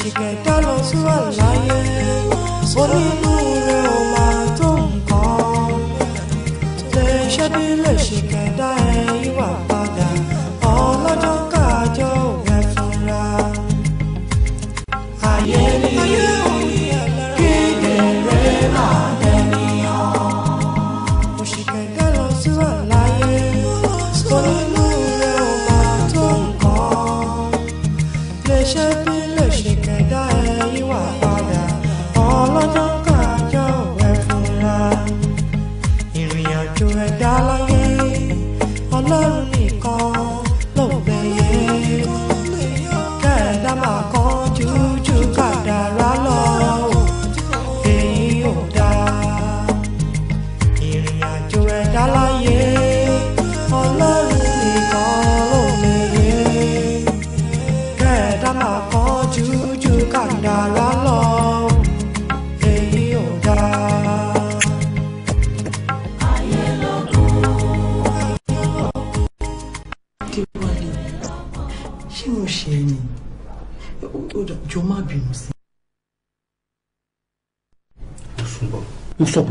àṣìkẹta lọ sí wà láyé onínú.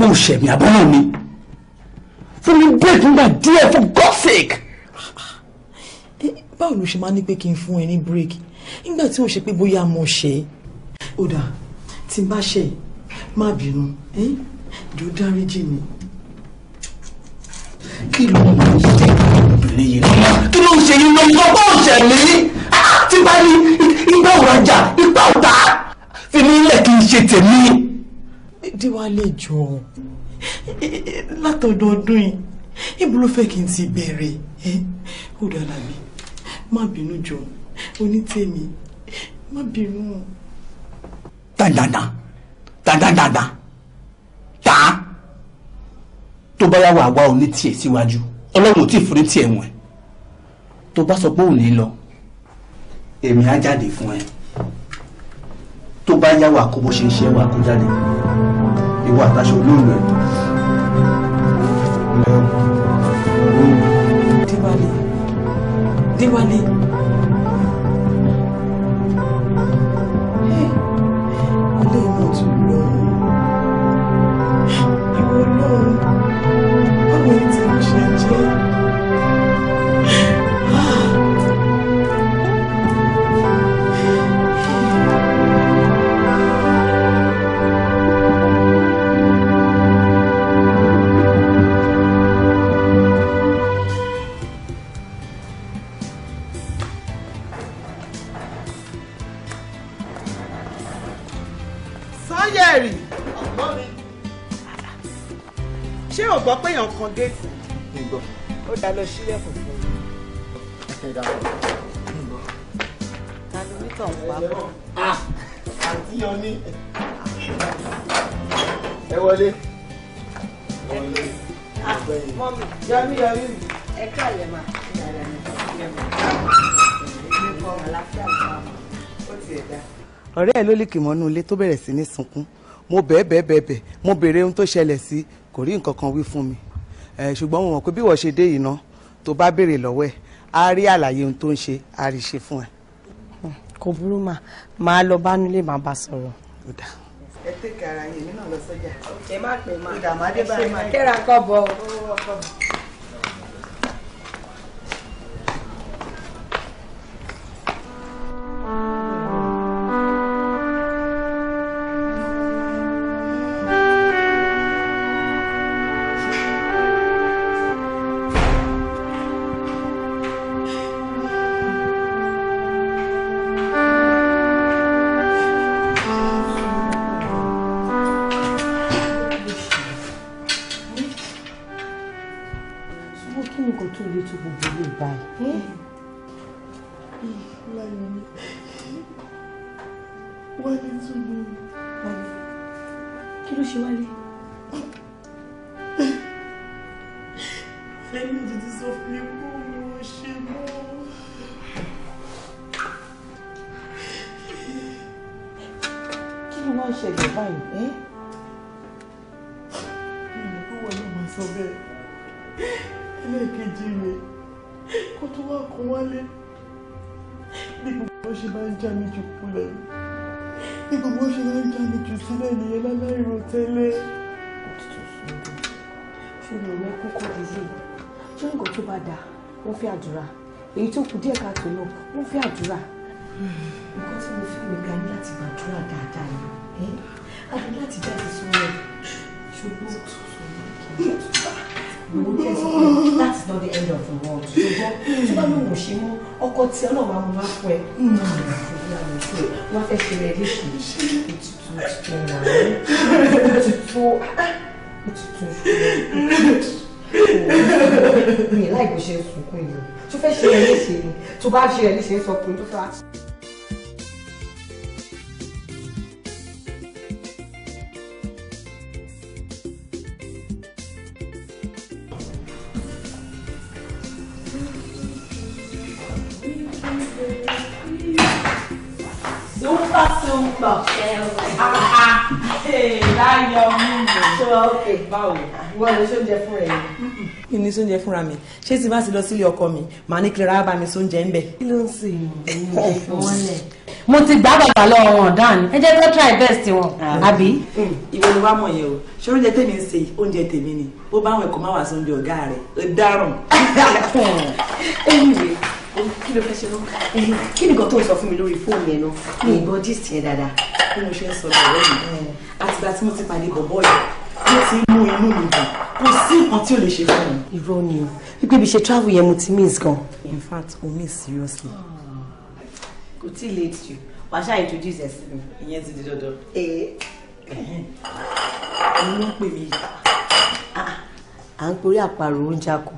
ò ṣẹ̀mí àbọ̀nà mi fún mi break nígbà díẹ̀ for God sake. báwo ló ṣe máa ní pé kí n fún ẹ ní break nígbà tí ò ṣe pé bóyá mo ṣe é. ó dà tí n bá ṣe má bínú dúró dáríjì mi. kí ló ń ṣe obìnrin yìí lọ́wọ́ kí ló ń ṣe yín lọ́wọ́ bó ṣẹ̀mí ah, tí bá ní igbá òrajà igbá ọ̀tá fi mí lẹ̀ kí n ṣe tèmi díwálé jọ látọdọọdún yìí ibo ló fẹ́ kí n ti bẹ̀rẹ̀ ẹ́ ó dára mi má bínú jọ onítèmi má bínú. dandanda dandanda ta tó bá yà wà wá onítìẹ̀ síwájú ọlọ́run ò tí ì forí tiẹ̀ wọ̀n ẹ́ tó bá sọ pé ò ní lọ èmi á jáde fún ẹ tó bá yá wa kó bó ṣe ń ṣe wa kó jáde ìwà àtàṣe olóòlù ẹ̀. Déwálé Déwálé. yan ní. ẹ wọlé. mọ́mí yọrí yọrí ẹ ká lè máa yàrá ní ọ̀rẹ́ ẹ̀ ló lè kì mọ́nú ilé tó bẹ̀rẹ̀ sí ní sunkún mo bẹ́ẹ̀ bẹ́ẹ̀ bẹ́ẹ̀ mo béèrè ohun tó ṣẹlẹ̀ sí kò rí nǹkan kan wí fún mi ṣùgbọ́n mo mọ̀ pé bí wọ́n ṣe dé yìí ná tó bá béèrè lọ́wọ́ ẹ̀ á rí àlàyé ohun tó ń ṣe á rí ṣe fún ẹ kò burú mà máa lọ bá nílé màá bá sọ̀rọ̀. ẹ tẹ́kẹ̀ ara yẹn nínú lọ sọ́jà. ẹ má pè má ìdààmú adébáyé má kẹ́ra kọ́ bọ̀ Thank you. bí gbogbo ṣe máa ń já mi jù kulẹ̀ ni bí gbogbo ṣe máa ń já mi jù sílẹ̀ nìyẹn láláìrò tẹ́lẹ̀. ṣé mi ò ní kókó dúdú ṣé nǹkan tó bá dáa wọ́n fi àdúrà èyí tó kù díẹ̀ káàtó náà wọ́n fi àdúrà. nǹkan tí mo fẹ́ mi ga ní láti gbàdúrà dáadáa yìí a ní láti jáde sọ́wọ́ ṣùgbọ́n you will get it that's not the end of the world ṣùgbọ́n tí bá lóun ò ṣe mú ọkọ tí ọlọ́run àwọn máa fún ẹ wọ́n fẹ́ ṣe rẹ̀ léṣe ètùtù ètùtù ìwọ̀n ètùtù ètùtù ìṣòro mi láì bó ṣe ń sunkún yìí tó fẹ́ ṣe ẹ léṣe ni tó bá ṣe ẹ léṣe ń sọ pé tó fẹ́ wá. láyọ̀ mú mi. ṣé ọkẹ báwo wọn lè ṣóúnjẹ fún rẹ yìí. mi ní ṣóúnjẹ fúnra mi ṣé tí bá ti lọ sílé ọkọ mi màá ní kí rárá bá mi ṣóúnjẹ ń bẹ. kí ló ń sè é wọn lẹ. mo ti gbá bàbá lọ́wọ́ wọn dáhùn ẹ jẹ́ kó try best wọn ah. àbí. Hmm. ìwọ ni wàá mọ̀ yẹn o ṣé oúnjẹ tèmi ń ṣe oúnjẹ tèmi ni bó bá àwọn ẹ̀kọ́ máa wà sóúnjẹ ọ̀gá rẹ̀ ó dárùn. kí ló fẹ́ ṣe náà. kí nìkan tó ń sọ fún mi lórí fóònù yẹn náà ní ìbọn gist yẹn dáadáa bí mo ṣe ń sọ lọ́wọ́ mi àtìgbà tí mo ti pàdé bọ̀bọ̀ yìí ló ti ń mú inú mi dùn kò sí nǹkan tí ò lè ṣe fún mi. irọ́ ni o wípé ibi ṣe travel yẹn mo ti miss gan. in fact o miss seriously. Ah, kò tí ì late jù wàá ṣáà introduce ẹ sí mi ìyẹn ti di dandan. ẹ̀yin ló ń pè mí ah, à ń porí àparò oúnjẹ kù.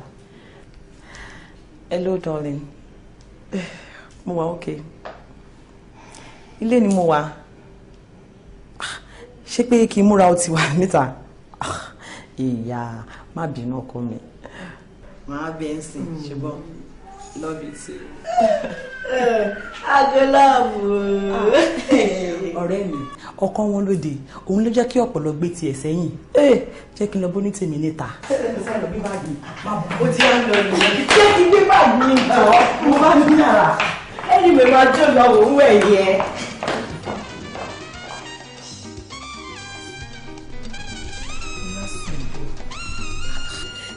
hello darling. mo wà okay ilé ni mo wà ṣé pé kí n múra ó ti wà níta ìyá má bínú ọkọ mi. màá bẹ́ẹ̀ sìn ṣùgbọ́n love you agolaabu. Ah, eh. ọ̀rẹ́ mi ọkọ wọn lóde òun ló jẹ́ kí ọpọlọ gbé tiẹ̀ sẹ́yìn eh, jẹ́ kí n lọ bó ní tèmi níta. ó ti á lọ lò ó jẹ́ kí gbé báàgì mi jọ mo máa ń yàrá ẹni mi máa jó lọ òun ẹ̀yẹ.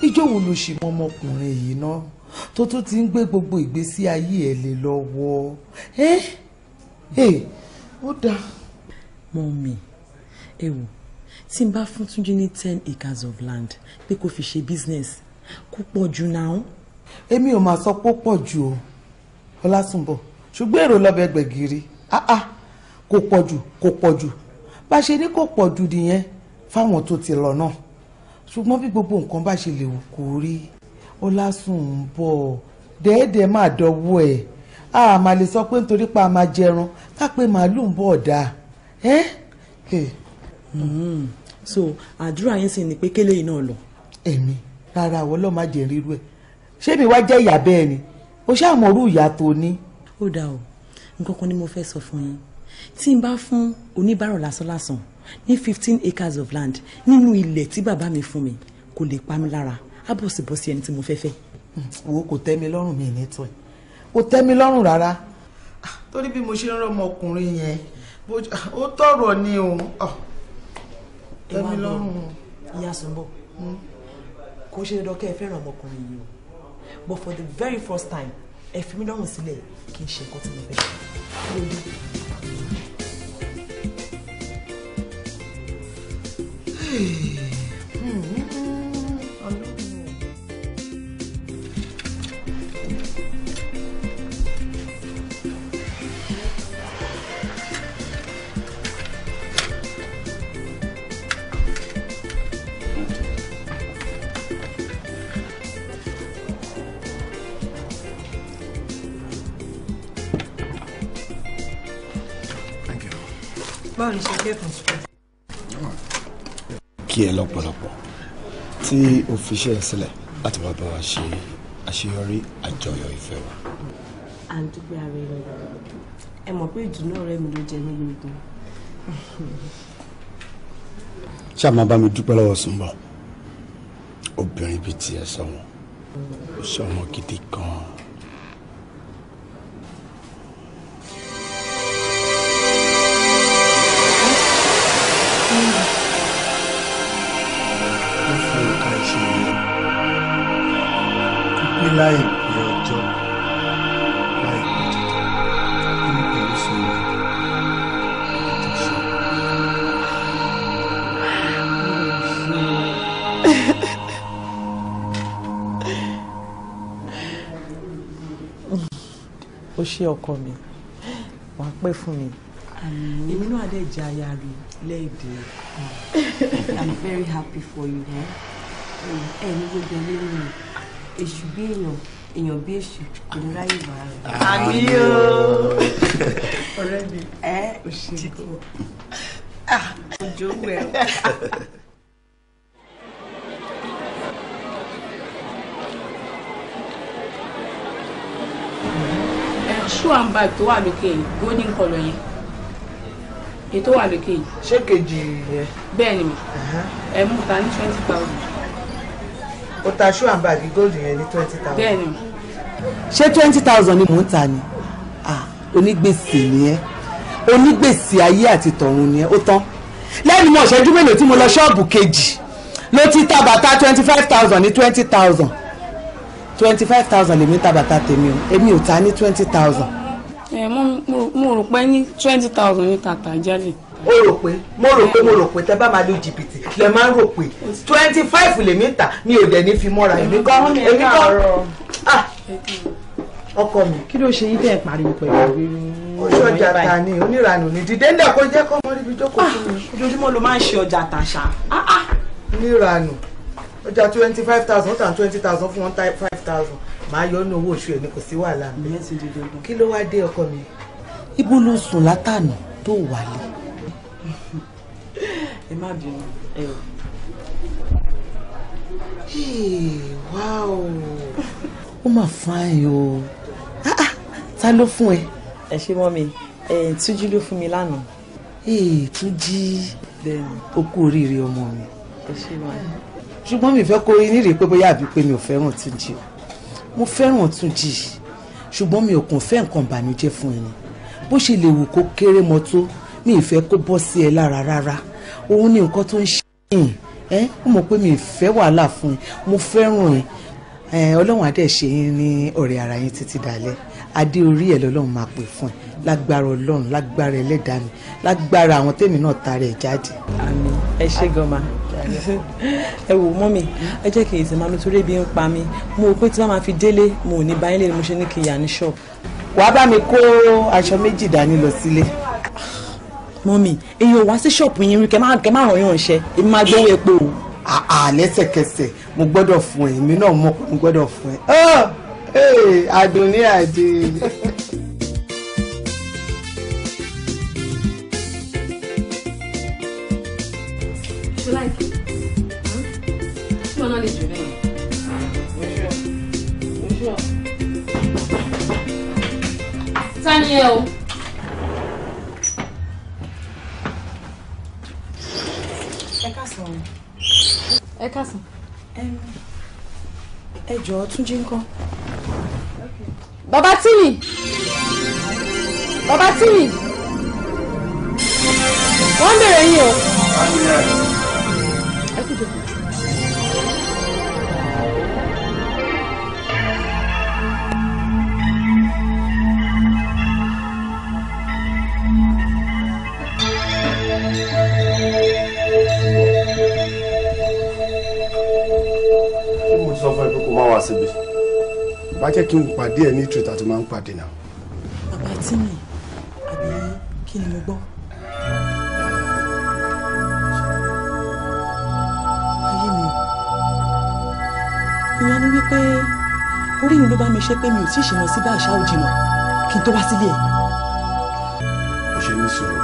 ìjọ wo ló ṣì mọ ọmọkùnrin yìí náà tó tún ti ń gbé gbogbo ìgbésí ayé ẹ̀ lè lọ́wọ́ ẹ́ ẹ́ ó dáa. mọ́mí ẹ wò tí n bá fún Túnjí ní ten acres of land pé kó fi ṣe business kó pọ̀ jù náà. èmi ò máa sọ pé ó pọ̀ jù o ọlásùnbọ̀ ṣùgbọ́n èrò lọ́bẹ̀ gbẹ̀gìrì ah, ah, kò pọ̀ jù kò pọ̀ jù bá ṣe ní kò pọ̀ jù nìyẹn fáwọn tó ti lọ náà ṣùgbọ́n bí gbogbo nǹkan bá ṣe lè wù kó rí ọlásùn ń bọ̀ dẹ́ẹ̀dẹ́ máa dọ́wọ́ ẹ̀ a máa lè sọ pé nítorí pa máa jẹran ká pé màálù ń bọ̀ dà ẹ́. Hmm. so àdúrà yín sì ni pé kélé yìí náà lọ. èmi rárá àwọn ọlọ́ọ̀ má jẹ́ rírú ẹ̀ ṣé mi wá jẹ́ ìyá bẹ́ẹ̀ ni o ṣáà mọ̀ orú ìyá tó ní. ó dáa o nǹkan kan ni mo fẹ́ sọ fún yín tí n bá fún oníbàárà lásánlásán ní fifteen acres of land nínú ilẹ̀ tí bàbá mi fún mi kò lè pa mí lára abọ̀sibọ̀sì ẹni tí mo fẹ́ fẹ́. owó kò tẹ́ mi lọ́rùn mi ní tọ́ ẹ̀ kò tẹ́ mi lọ́rùn rárá ah, torí bí mo ṣe ń rọmọ ọkùnrin yẹn ó tọrọ ni o ah, tẹ́ mi lọ́rùn. ìyá sùnbọ̀ hmm? kò ṣe dandan ẹ fẹ́ràn ọmọkùnrin yìí o but for the very first time ẹ fi mí lọ́rùn sílẹ̀ kí n ṣe nǹkan tí mo fẹ́ Hmm. hmm. báwo ni ṣe kẹ́kọ̀ọ́ kí ẹ lọ́pọ̀lọpọ̀ tí o fi ṣe sílẹ̀ láti wá bá wa ṣe àṣeyọrí àjọyọ̀ ìfẹ́ wa. à ń dúpẹ́ ara ẹni ẹ mọ̀ pé ìdùnnú ọ̀rẹ́ mi ló jẹ mí lógún. ṣé a máa bá mi dúpẹ́ lọ́wọ́ Sùnbọ̀ obìnrin bíi tiẹ̀ sọ̀wọ́n ó ṣe ọmọ gidi gan ṣe pípé láìpẹ́ ọjọ́ láìpẹ́ títọ́ nípa ìṣòro ètò ìṣe. ó ṣe ọkọ mi wàá pẹ́ fún mi èmi náà dẹ̀ jẹ́ aya rẹ̀ lẹ́ẹ̀dẹ̀ I'm very happy for you. huh? ẹ ní gbogbo ẹni mi èṣù bí èèyàn èèyàn bí èṣù kò ní ráyè wá rẹ. àmì o ọ̀rẹ́ mi ẹ ò ṣe é kọ ojú ẹ. shoe and bag tó wà lókè yìí golden colour yẹn èyí wà lókè yìí. ṣé kejì yẹn. bẹ́ẹ̀ ni mo ẹ̀ mú ta ní twenty thousand o ta shoe and bag gold yẹn ní twenty thousand. bẹ́ẹ̀ni ṣé twenty thousand ni mò ń ta ni ah onígbèsè nìyẹn onígbèsè ayé àti tọ̀run nìyẹn ó tán lẹ́nu mọ̀ ṣẹ́jú mélòó tí mo lọ ṣọ́ọ̀bù kejì ló ti ta bàtà twenty five thousand ní twenty thousand twenty five thousand lèmi ta bàtà tèmi o èmi ò ta ní twenty thousand. ẹ mo rò pé ní twenty thousand ní tàtà jálè mo rò pé mo rò pé mo rò pé tẹ bá máa lo jìbìtì lẹ máa ń rò pé twenty five lèmi ta mi ò dẹ̀ ní fi mọ́ra èmi kọ́ èmi kọ́ ah, ọkọ mi. kí ló ṣe yín tẹ́ ẹ̀ pariwo pẹ̀lú ìrírí. oṣù ọjà ta ni oníranù ni dídé ń dẹ̀kọ́ jẹ́ kọ́ mọ́ níbi jókòó sí mi. Ah, ojoojúmọ́ ló máa ń ṣe ọjà tàṣà. Ah, oníranù ọjà twenty five thousand ó tà twenty thousand fún one five thousand màá yọ ọ́nà owó oṣù ẹ̀ ni kò sí wàhálà mi. kí ló wá dé ọkọ mi. ibo ló sùn látànà tó wálé ẹ má bínú ẹ o. wá o ó mà fáyìn o ah, ah. ta ló fún ẹ. ẹ ṣe mọ́ mi tújú ló fún mi lánàá. tújí ó kú oríire ọmọ mi. ẹ ṣe mọ́ mi. ṣùgbọ́n mi fẹ́ kó rí nírèé pé bóyá àbí pé mi ò fẹ́ràn túnjí o mo fẹ́ràn túnjí ṣùgbọ́n mi ò kàn fẹ́ nǹkan ìbànújẹ́ fún ẹ ni bó ṣe lè wù kó kéré mọ́ mi ì fẹ́ kó bọ́ sí ẹ lára rárá òun ni nǹkan tó ń ṣe yìí ẹ ó mọ̀ pé mi ì fẹ́ wàhálà fún yín mo fẹ́ràn yín ẹ ọlọ́run adé ṣe yín ní ọ̀rẹ́ ara yín títí dalẹ́ adé orí ẹ̀ lọ́lọ́run máa pè fún ẹ lágbára ọlọ́run lágbára ẹlẹ́dàá mi lágbára àwọn tèmi náà tara ẹ̀ jáde. àmín ẹ ṣé gan ẹ wò mọ́mì ẹ jẹ́ kí n ìsìn máa mi torí ebi ń pa mi mo rò pé tí wọ́n máa fi délé mo ò ní báyìí lè mo ṣe ní kí ní ṣọ́ọ̀bù. wàá bá mi kó aṣọ méjì dání lọ sílé mọ́mì èyí ò wá sí ṣọ́ọ̀pù yín rí kẹ́ má kẹ́ má ràn yín ọ̀ṣẹ́ èmi máa gbówó epo o. àà lẹ́sẹ̀kẹsẹ̀ mo gbọ́dọ̀ fún ẹ èmi náà mọ̀ pé mo gbọ́dọ̀ fún ẹ. Ah! adùn ní àdé. Tani ẹ o. ẹ kásán. ẹ jọ̀ọ́ túnjí ńkọ́. bàbá tíìmì bàbá tíìmì wọ́n ń bèrè yín o. má wá síbi. bá jẹ́ kí n pàdé ẹ ní ìtúta tó máa ń pàdé náà. bàbá tí mi àbí kí ni mo gbọ́. ayé mi ìyẹn ni wípé orí mi ló bá mi ṣe pé mi ò tí ì ṣèrànṣí bá àṣà òjì mọ́ kí n tó wá sílé ẹ̀. mo ṣe ní sùúrù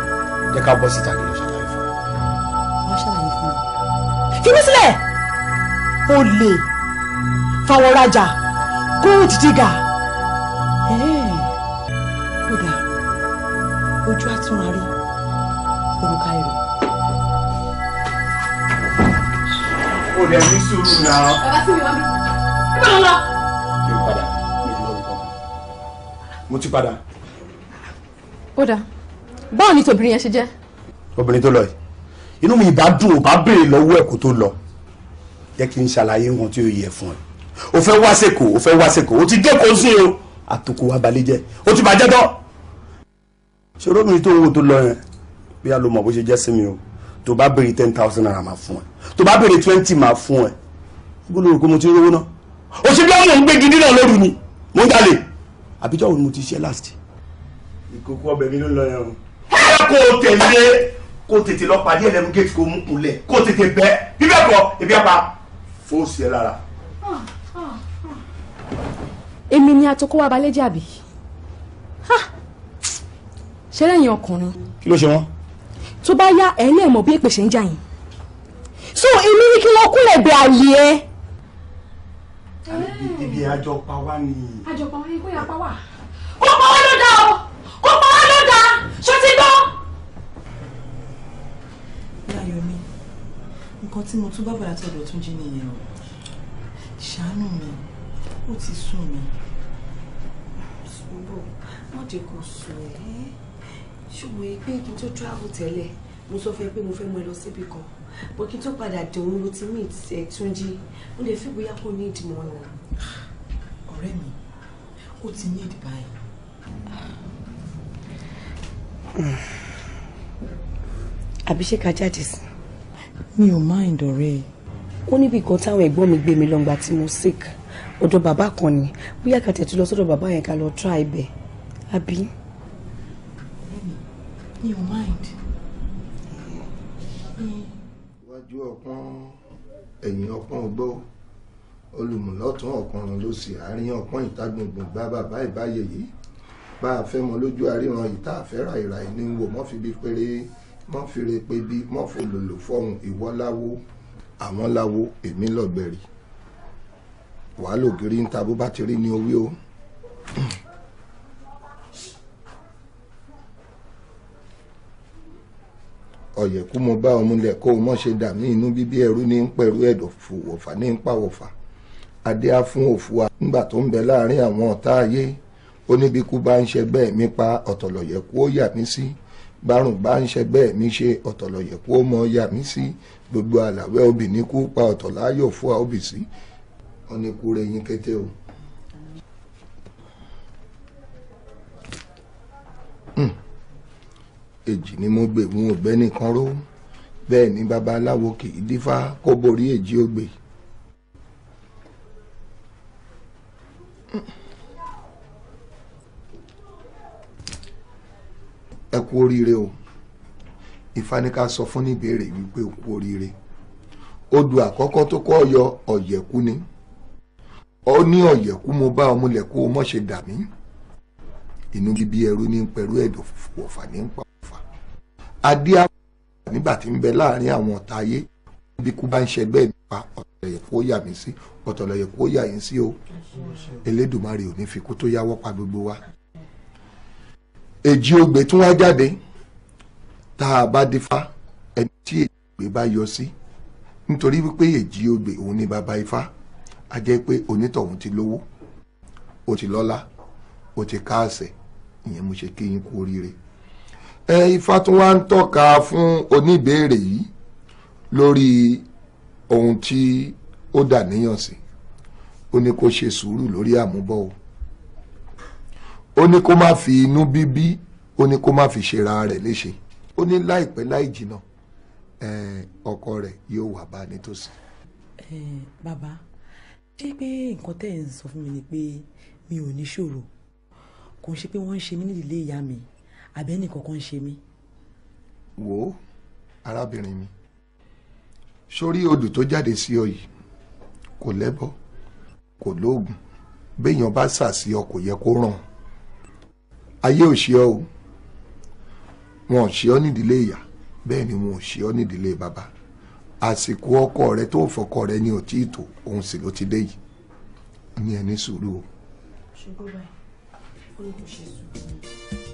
jẹ́ ká bọ́ síta kí lọ ṣàlàyé fún mi. wọ́n ṣàlàyé fún mi. fi mí sílẹ̀ o lè fáwọn rajà gold digger kódà ojú àtúnra rí orúkọ rẹ. o lè ní sùúrù náà. bàbá tí mi wá mi ẹ bá lọ. mi ò padà mo ti padà. ó báwo ni tòbìnrin yẹn ṣe jẹ́. obìnrin tó lọ yìí inú mi ìbá dùn ò bá béèrè lọ́wọ́ ẹ̀ kó tó lọ jẹ́ kí n ṣàlàyé nǹkan tí ó yẹ fún ẹ o fẹ́ wá sèkò o fẹ́ wá sèkò o ti jókòó sí o àtòkò wa balẹ̀ jẹ́ o ti bàjẹ́ tọ́. ṣòro mi tó ń wo tó lọ yẹn bí a bó ṣe jẹ́ sí mi o tó bá béèrè ten thousand naira máa fún ẹ tó bá béèrè twenty máa fún ẹ gbọ́dọ̀ lórí kó mo ti rówó náà o ṣe bí ọmọ ń gbé gidi náà lóru ni mo ń jalè àbíjọ́ òun mo ti ṣe last. ìkókó ọbẹ̀ mi ló lọ yẹn o. kó o tẹ̀lé kó o tètè lọ pàdé ẹlẹ́mú gate kó o mú kunlẹ̀ kó o tètè bẹ́ bíbẹ̀ kọ́ ebi apá fóòsì ẹ lára. Ah èmi ni atokọ wa balẹ̀ jàbí ṣé lẹ́yìn ọkùnrin. kí ló ṣe wọ́n. tó bá yá ẹ̀ lè mọ̀ bí èpè ṣe ń jà yín so èmi ni kí wọ́n kúnlẹ̀ bẹ̀ àlè ẹ. ibi àjọ pa wá ni. àjọ pa wá ni kó yà pa wá. kó pa wá ló dáa o kó pa wá ló dáa ṣó ti gbọ́. láyọ̀ mi nǹkan tí mo tún bá bàrà tọ̀dọ̀ tún jí nìyẹn o ṣàánú mi ó ti sún mi sùúrù wọ́n ti kò sùn ẹ́ ṣùgbọ́n pé kí n tó travel tẹ́lẹ̀ mo sọ fún ẹ pé mo fẹ́ mọ ẹ lọ síbi kan bó kí n tó padà dé òun ló ti meet ẹ Túnjí ó lè fi bóyá kó ní ìdìmọ̀ ọ̀nà. ọ̀rẹ́ mi ó ti ní ìdìbà yìí. àbí ṣé ká jáde sí. mi ò máa ń dọ̀rẹ́ ẹ. ó níbi kan táwọn ẹ̀gbọ́n mi gbé mi lọ́ngbà tí mo sick ọ̀dọ̀ bàbá kan ni bóyá kàtẹ́ tún lọ sọ́dọ̀ bàbá yẹn ká lọ tra ibẹ̀ àbí. mi ò mind. iwájú ọpọ́n ẹ̀yìn ọpọ́n ọgbọ́ olùmùlọ́tún ọ̀kanràn ló sì àárín ọpọ́n ìtagbọ̀ngbọ̀n gba bàbá ìbáyé yìí bá a fẹ́ mọ lójú àríran ìta àfẹ́rà ìrà ìní wò mọ́ fi bí péré mọ́ fi re pé bí mọ́ fò lòlò fọ́hùn ìwọ́ láwo àwọn láwo èmi lọ́gbẹ̀rì wàá lògiri ń ta bó bá ti rí ní owí o. ọ̀yẹ̀kú mo bá ọmú lẹ̀ kó o mọ̀ ṣe dà mí inú bíbí ẹrú ní ń pẹ̀rú ẹ̀dọ̀ fò wọ̀fà ní ń pa wọ̀fà adé á fún òfu wa nígbà tó ń bẹ láàrin àwọn ọ̀tá ayé ó níbi kú bá ń ṣe bẹ́ẹ̀ mi pa ọ̀tọ̀lọ̀yẹ̀kú ó yà mí sí bárùn bá ń ṣe bẹ́ẹ̀ mi ṣe ọ̀tọ̀lọ̀yẹ̀kú ó mọ yà mí sí gbogbo àlàwẹ́ obì kú pa ọ̀tọ̀láyò fún wa obì ọ̀nìkù rẹ̀ yín kété o. Hmm. èjì ni mo gbè wọn ọ̀gbẹ́ni kan ró bẹ́ẹ̀ ni babaláwo kì í dífá kó borí èjì ògbè. Hmm. ẹ kú oríire o Ifá ní ká sọ fún níbèrè wípé o kú oríire odò àkọ́kọ́ tó kọ́ yọ ọ̀yẹ̀kú ni. Mm ọ ní ọ̀yẹ̀kú mo bá ọmọlẹ̀kú o mọ̀ ṣe dà mí inú bíbí ẹrú ní pẹ̀lú ẹ̀dọ̀ fòfò ọ̀fà ní pa ọ̀fà adé àpò nígbà tí ń bẹ láàrin àwọn ọ̀tá ayé bí kú bá ń ṣẹgbẹ́ mi pa ọ̀tọ̀lẹ̀yẹ̀kú ó yà mí sí ọ̀tọ̀lẹ̀yẹ̀kú ó yà yín sí o Elédùmarè ò ní fi kú tó yáwọ́ pa gbogbo wa èjì ogbè tún wá jáde tá a bá dífá ẹni tí èjì ogbè bá yọ sí nítorí wípé èjì ogbè òun ni bàbá ifá a jẹ́ pé onítọ̀hún ti lówó o ti lọ́lá o ti káàsẹ̀ ìyẹn mo ṣe kí yín kú oríire. ẹ ifá tún wá ń tọ́ka fún oníbèéèrè yìí lórí ohun tí ó dà níyàn sí ó ní kó ṣe sùúrù lórí àmúbọ̀ o ó ní kó má fi inú bíbí ó ní kó má fi ṣera rẹ̀ léṣe ó ní láìpẹ́ láì jìnnà ọkọ rẹ̀ yóò wà bá nítòsí. ẹ bàbá ṣé pé nǹkan tẹ́ ẹ̀ ń sọ fún mi ni pé mi ò ní ṣòro kò ń ṣe pé wọ́n ń ṣe mí nídìílé ìyá mi àbẹ́ni kankan ń ṣe mí. wò ó arábìnrin mi sórí odò tó jáde sí ọ yìí kò lẹ́bọ kò lóògùn béèyàn bá sà sí ọ kò yẹ kó ràn ayé ò ṣe ọ o wọn ò ṣe ọ nídìílé ìyá bẹ́ẹ̀ ni wọn ò ṣe ọ nídìílé bàbá àsìkò ọkọ rẹ tó fọkọ rẹ ni ò tí ì òun sì ló ti dé yìí ní ẹni sùúrù o. ṣùgbọ́n báyìí ó lè ṣe sùúrù.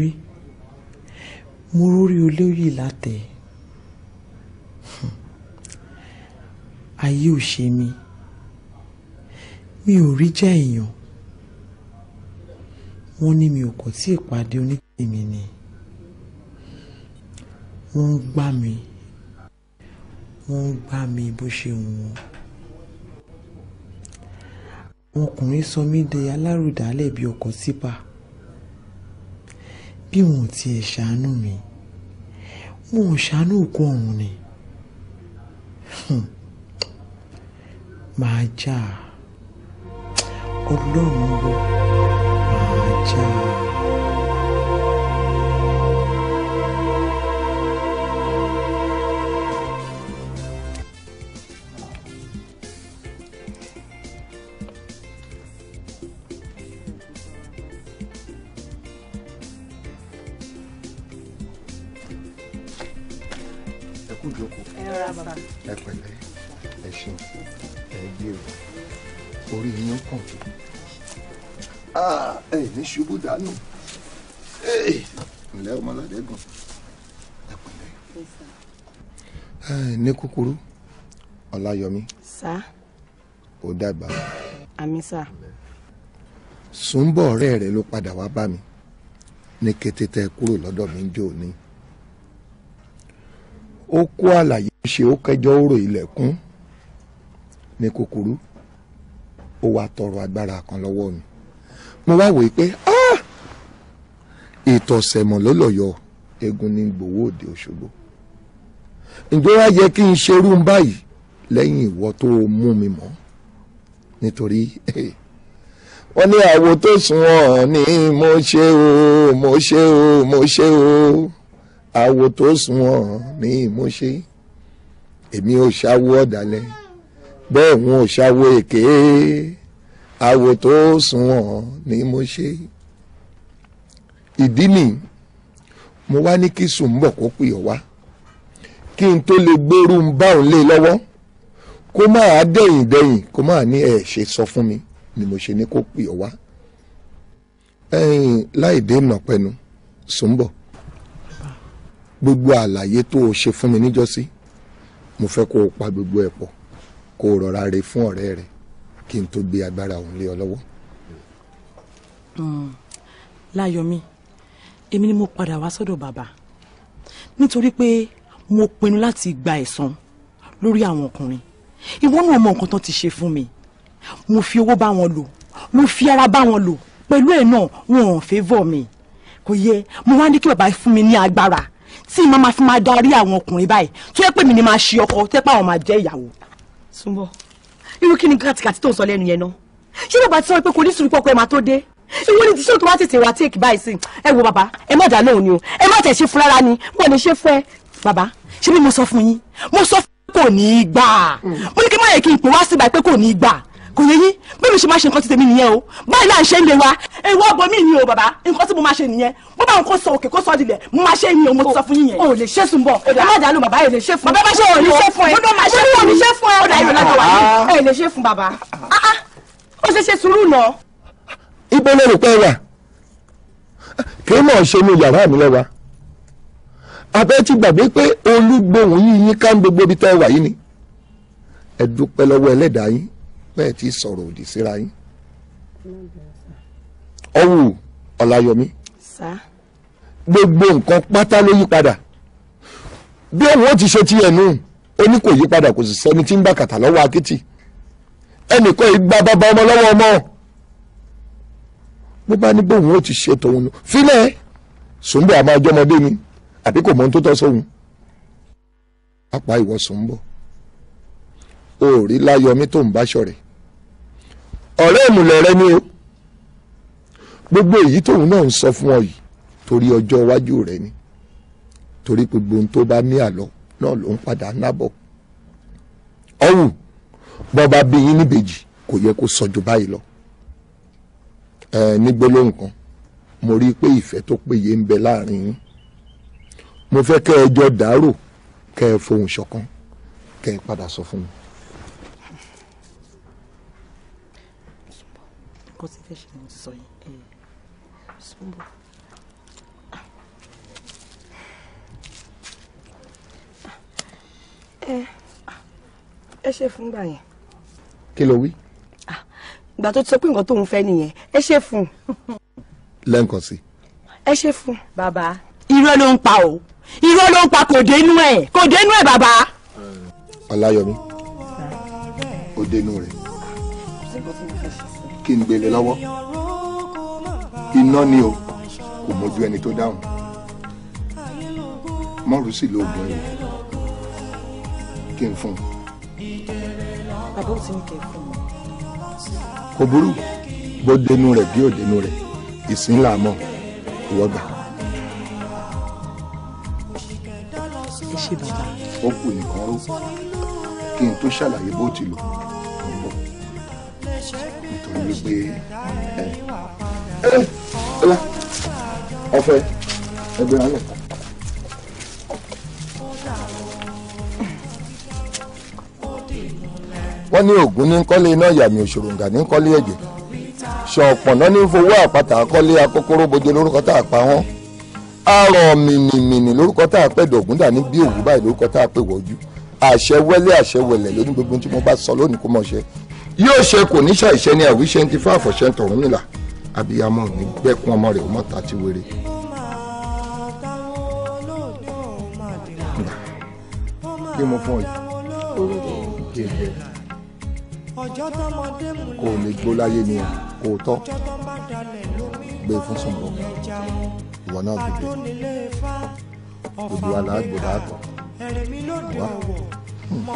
rí mo rórí olóyè látẹ̀ ayé ò ṣe mi mi ò rí jẹ́ èèyàn wọ́n ní mi ò kọ̀ tí ìpàdé onítèmi ni wọ́n ń gbá mi wọ́n ń gbá mi bó ṣe wù wọ́n ọkùnrin sọ mí di alárùdálẹ̀ bíi ọkọ̀ sípà bí wọn ti ẹ̀ ṣàánú mi wọn ò ṣàánú òkú ọ̀hún ni hmm. máa jà ọlọ́run wọ máa jà. àánú ǹlẹ́ ọmọládẹ́gùn ẹ pẹ̀lẹ́. ní kúkúrú ọláyọmí. sá. ó dàgbà. àmì sá. sùnbọ̀ ọ̀rẹ́ rẹ̀ ló padà wá bá mi ní kété tẹ kúrò lọ́dọ̀ mi jò ní. ó kó àlàyé ṣe ó kẹjọ ó rò ilẹ̀kùn ní kúkúrú ó wàá tọrọ agbára kan lọ́wọ́ mi mo wá wòye pé á ìtọ̀sẹ̀mọ̀ ló lọ́yọ̀ egun ní gbowó òde Òṣogbo ǹjọ́ra yẹ kí n ṣerú báyìí lẹ́yìn ìwọ tó mú mi mọ́ nítorí wọ́n ní àwo tó sunwọ̀n ni mo ṣe o mo ṣe o mo ṣe o àwo tó sunwọ̀n ni mo ṣe èmi ò ṣàwo ọ̀dàlẹ̀ bẹ́ẹ̀ wọn ò ṣàwo èké àwo tó sunwọ̀n ni mo ṣe ìdí nìyí mo wá ní kí sùnbọ̀ kó pè ọ́ wá kí n tó lè gbèrú ń báwọn lé e lọ́wọ́ kó máa dẹ̀yìn dẹ̀yìn kó máa ní ẹ̀ ṣe sọ fún mi ni mo ṣe ní kó pè ọ́ wá ẹ̀yìn láì dènà pẹ̀nu sùnbọ̀ gbogbo àlàyé tó o ṣe fún mi níjọ́sí mo fẹ́ kó o pa gbogbo ẹ̀ pọ̀ kó o rọra re fún ọ̀rẹ́ rẹ kí n tó gbé agbára òun lé ọ lọ́wọ́. Hmm. láyọ̀ mi. Mm èmi ni mo padà wá sọ́dọ̀ bàbá nítorí pé mo pinnu láti gba ẹ̀san lórí àwọn ọkùnrin ìwọ náà mọ nǹkan tán ti ṣe fún mi mo fi owó bá wọn lò mo fi ara bá wọn lò pẹ̀lú ẹ̀ náà wọn ò fẹ́vọ̀ mi kò yẹ mo wá ní kí bàbá fún mi ní agbára tí màmá fi máa darí àwọn ọkùnrin báyìí tó yẹ pé mi ni máa ṣe ọkọ tó yẹ pé àwọn máa jẹ ìyàwó. Súnbọ̀ irú kí ni kàtìkàtì tó ń sọ lẹ́nu yẹn náà ṣé bàbá ti sọ pé kò ní sùúrù pọ̀pọ̀ ẹ̀ máa tó dé ìwọ ni tíṣọ́ọ̀tù wá tètè wá téèkì báyìí sí ẹ wo bàbá ẹ má dàá lóhùn ni o ẹ má tẹ̀ ṣe fún rárá ni wọn ò ní ṣe fún ẹ bàbá ṣé bí mo sọ fún yín mo sọ fún kò ní í gbà mo ní kí n má yẹ kí n pè wá síbà pé kò ní í gbà kò yẹ yín bẹ́ẹ̀ mi ṣe máa ṣe nǹkan ti tèmi nìyẹn o báyìí là ń ṣe ń lè wa ewu ọbọ mi ni o bàbá nǹkan tí mo máa ṣe nìyẹn bó bá wọn kó sọ òkè kó sọ dilẹ̀ mo máa ṣe é o mo ti sọ fún yín yẹn. o lè ṣe sùn bọ ẹ má dàlú bàbá ẹ lè ṣe fún. bàbá bá ṣe o lè ṣe fún ẹ mo máa ṣe fún ẹ o lè ṣe fún ẹ lè ṣe fún bàbá. Ah, ah. ó ṣe ṣe sùúrù náà. ibo lẹ́rù pẹ́ wà kí mọ̀ ṣe ní yàrá mi lẹ́wà abẹ́ gbàgbé pé olúgbòhùn yìí yín ká ń gbogbo ibi tẹ́ wà yìí ni ẹ dúpẹ́ lọ́wọ́ ẹlẹ́dàá yín bẹ́ẹ̀ ti sọ̀rọ̀ òdì síra yín ọ̀wù ọ̀làyọ̀mí gbogbo nǹkan pátá ló yí padà bí òun ó ti ṣe tiẹ̀ nù ó kò yí padà kò sì sẹ́ni ọmọ bó bá ní bóun ó ti ṣe tòun nù fílẹ̀ sùnbọ̀ àmọ́ ọjọ́mọdé ni àbí kò mọ ohun tó tọ́ sóhun pápá ìwọ sùnbọ̀ o ò rí láyọmí tó ń bá ṣọ̀rẹ́ ọ̀rẹ́ ìmùlẹ̀ rẹ ni o gbogbo èyí tóun náà ń sọ fún ọ yìí torí ọjọ́ iwájú rẹ ni torí gbogbo ohun tó bá ní àlọ́ náà ló ń padà nábọ̀ ọ̀hún bọ́ba bí yín níbejì kò yẹ kó sọ jù báyìí lọ ní gbólóhùn kan mo rí i pé ìfẹ́ tó péye ń bẹ láàrin yín mo fẹ́ kẹ́ ẹ jọ dàárò kẹ́ ẹ fohùn ṣọ̀kan kẹ́ ẹ padà sọ fún mi. ẹ ṣe fún gbà yẹn. kí ló wí. ìgbà tó ti sọ pé nǹkan tóun fẹ́ nìyẹn ẹ ṣe fún. lẹ́ǹkan sí. ẹ ṣe fún. bàbá irọ́ ló ń pa o irọ́ ló ń pa kò dénú ẹ̀ kò dénú ẹ̀ bàbá. ọláyọmí ó dénú rẹ kí n gbélé lọ́wọ́ iná ni o kò mójú ẹni tó dáhùn mọ́rù sì lóògùn ẹ̀wọ̀ kí n fún un. bàbá ò tí ń kẹ́ fún un. kò burú bó dénú rẹ̀ bí ò dénú rẹ̀ ìsìn là mọ̀ ìwọ gbà. ẹ ṣe bàbá. ó kù nìkan ó kí n tó ṣàlàyé bó ti lò ó bọ̀ nítorí wípé ẹ ẹ ọlá ọ̀fẹ́ ẹgbẹ́ alẹ́. wọ́n ní ògún ní kọ́lé iná ìyàmì òṣòro ní kọ́lé ẹ̀jẹ̀ ṣọ̀pọ̀nà ní fowó àpáta akọ́lé akókóró bójú lórúkọ tá a pa wọ́n àrọ̀ mìnìmìnì lórúkọ tá a pẹ́ dọ̀gún dání bí òwú báyìí lórúkọ tá a pè wọ́jú àṣẹ wẹ́lẹ́ àṣẹ wẹ̀lẹ̀ lónìí gbogbo tí mo bá sọ lónìí kó mọ̀ ṣe yóò ṣe kò ní ṣàìṣe ní àwíṣe ti fún àfọ̀ṣẹ tọ̀run nílà àbíyamọ ní gbẹ́kún ọmọ rẹ̀ ọmọ ti wéré. kí mo fún yìí kò lè gbó láyé ni kò tọ́ gbé fún Ṣàngó ìwọ náà gbé gbogbo aláàgbò láàtọ̀ wá. Hmm.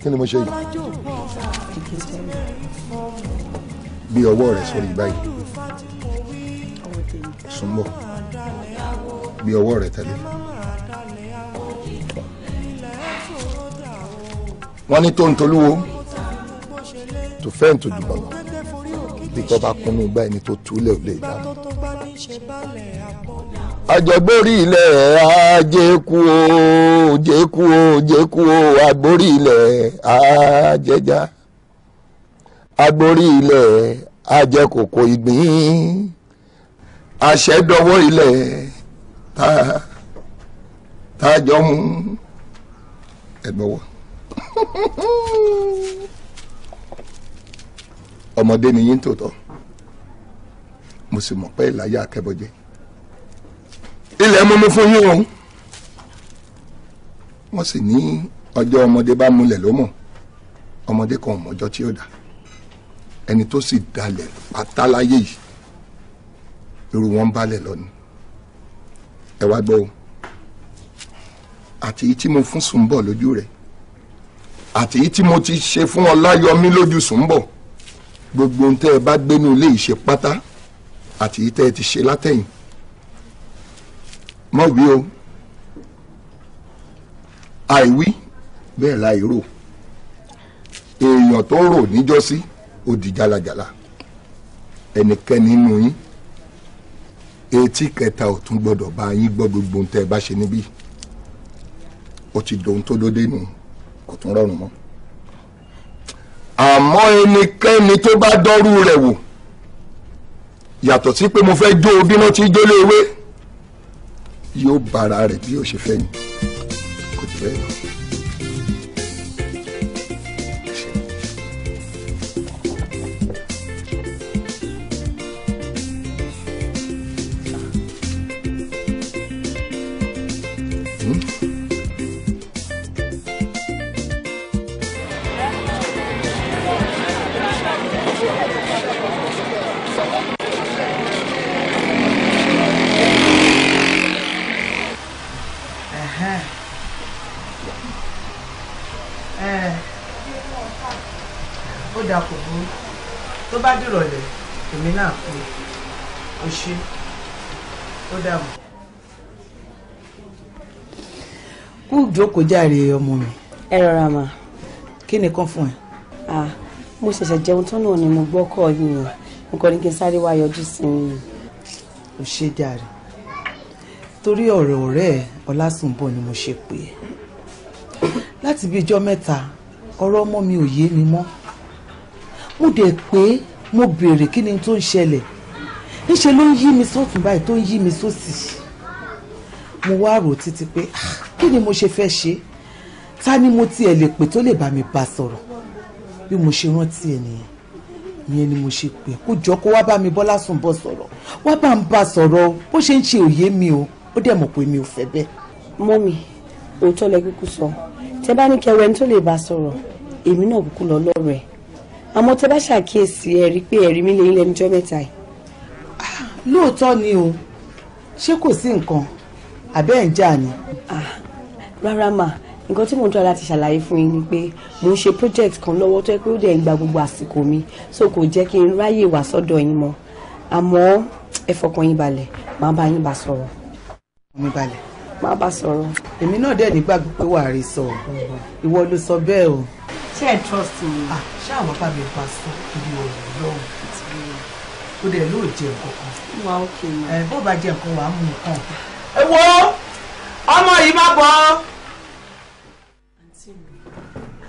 kí ni mo ṣe yìí bí ọwọ́ rẹ̀ sórí báyìí súnmọ́ bí ọwọ́ rẹ̀ tẹ̀lé. wọ́n ní tó ń tolúwo tó fẹ́ ń tójú bọ̀lọ̀ bí kò bá kúnnú gbá ẹni tó túlẹ̀ ò lè dá. àjẹgbórí ilẹ̀ àjẹkù o jẹkù o jẹkù o àgbórí ilẹ̀ àjẹjá agbórí ilẹ̀ àjẹkòkò ìgbín àṣẹdọwọ́ ilẹ̀ tá a jọ mú ẹgbẹ́ wọ̀. ọmọdé ni yín tòótọ́ mo sì mọ̀ pé ìlàyà akẹ́bọ̀jẹ́ ilẹ̀ mímú fún yín ọ̀hún wọ́n sì ní ọjọ́ ọmọdé bá múlẹ̀ ló mọ̀ ọmọdé kan mọ̀jọ́ tí ó dà ẹni tó sì dalẹ̀ pátáláyé yìí irú wọn balẹ̀ lọ́ni ẹ wá gbọ́ àti tí mo fún sùn bọ̀ lójú rẹ̀ àti tí mo ti ṣe fún ọláyọmí lójú sùnbọ̀ gbogbo ohun tẹ́ ẹ bá gbénu ilé ìṣe pátá àti tẹ́ ẹ ti ṣe látẹ̀yìn mọ̀ wí o àìwí bẹ́ẹ̀ láì rò èèyàn tó rò níjọ́sí ó di jálajàla ẹnikẹ́ni nínú yín etí kẹta ò tún bá yín gbọ́ gbogbo ohun tẹ́ ẹ bá ṣe níbí ó ti dohun tó dóde nù. No kò tún rọrùn mọ́ àmọ́ ẹnikẹ́ni tó bá dọ́rú rẹ̀ wò yàtọ̀ sí pé mo fẹ́ jó bíná tí jólé ewé yóò bára rẹ̀ bí ó ṣe fẹ́ yìí kò jù bẹ́ẹ̀ lọ. jókòó jàre ọmọ mi. ẹ rọra mà. kí ni kán fún ẹ. ah mo ṣẹ̀ṣẹ̀ jẹun tán náà ni mo gbọ́ kọ́ yìnyín nǹkan ní kí n sáré wá yọjú sí i. ò ṣe jàre torí ọ̀rọ̀ ọ̀rẹ́ ẹ ọlásùnbọ̀ ni mo ṣe pè é láti bí ijọ́ mẹ́ta ọ̀rọ̀ ọmọ mi ò yé mi mọ́ mo dẹ̀ pé mo béèrè kí ni tó ń ṣẹlẹ̀ níṣẹ́ ló ń yí mi sọ́tún báyìí tó ń yí mi sósì mo wá rò títí pé ah, kí ni mo ṣe fẹ́ ṣe ta ni mo tiẹ̀ lè pè tó lè bá mi bá sọ̀rọ̀ bí mo ṣe rántí ẹ nìyẹn ìyẹn ni mo ṣe pè kó jọ kó wá bá mi bọ́lá sùn bọ́ sọ̀rọ̀ wá bá ń bá sọ̀rọ̀ bó ṣe ń ṣe òye mi o ó dẹ̀ mọ̀ pé mi ò fẹ́ bẹ́ẹ̀. mọ́mì òótọ́ lẹ kúkú sọ tẹ bá ní kẹwẹ́ ní tó lè bá sọ̀rọ̀ èmi náà kúkú lọ lọ́rọ̀ ẹ̀ àmọ́ tẹ bá ṣàkíyèsí ẹ̀rí pé ẹ̀rí mi lè ilẹ̀ níjọ́ mẹ́ta yìí. Ah, lóòótọ́ ni o ṣé kò sí nǹkan àbẹ́ẹ̀ ń jà ni. Ah, rárá mà nǹkan tí mò ń tọ́ láti ṣàlàyé fún yín ni pé mò ń ṣe project kan lọ́wọ́ tó yẹ pé ó dẹ̀ ń gba gbogbo àsìkò mi so kò jẹ́ kí n ráyè wá sọ́dọ̀ yín mọ́ àmọ́ ẹ fọkàn yín balẹ̀ màá bá yín bá sọ̀rọ̀. mi balẹ̀. màá bá sọ̀rọ̀. èmi náà dẹ̀ nígbàgbọ́ pé wàá rí sọ ìwọ ló sọ bẹ́ẹ̀ o. ṣé ẹ trust me. ṣé àwọn bá mi bá sọ ibi ọ̀rọ̀ lọ́wọ́ ó dẹ̀ lóò jẹ nǹkan kan. wà ó kè é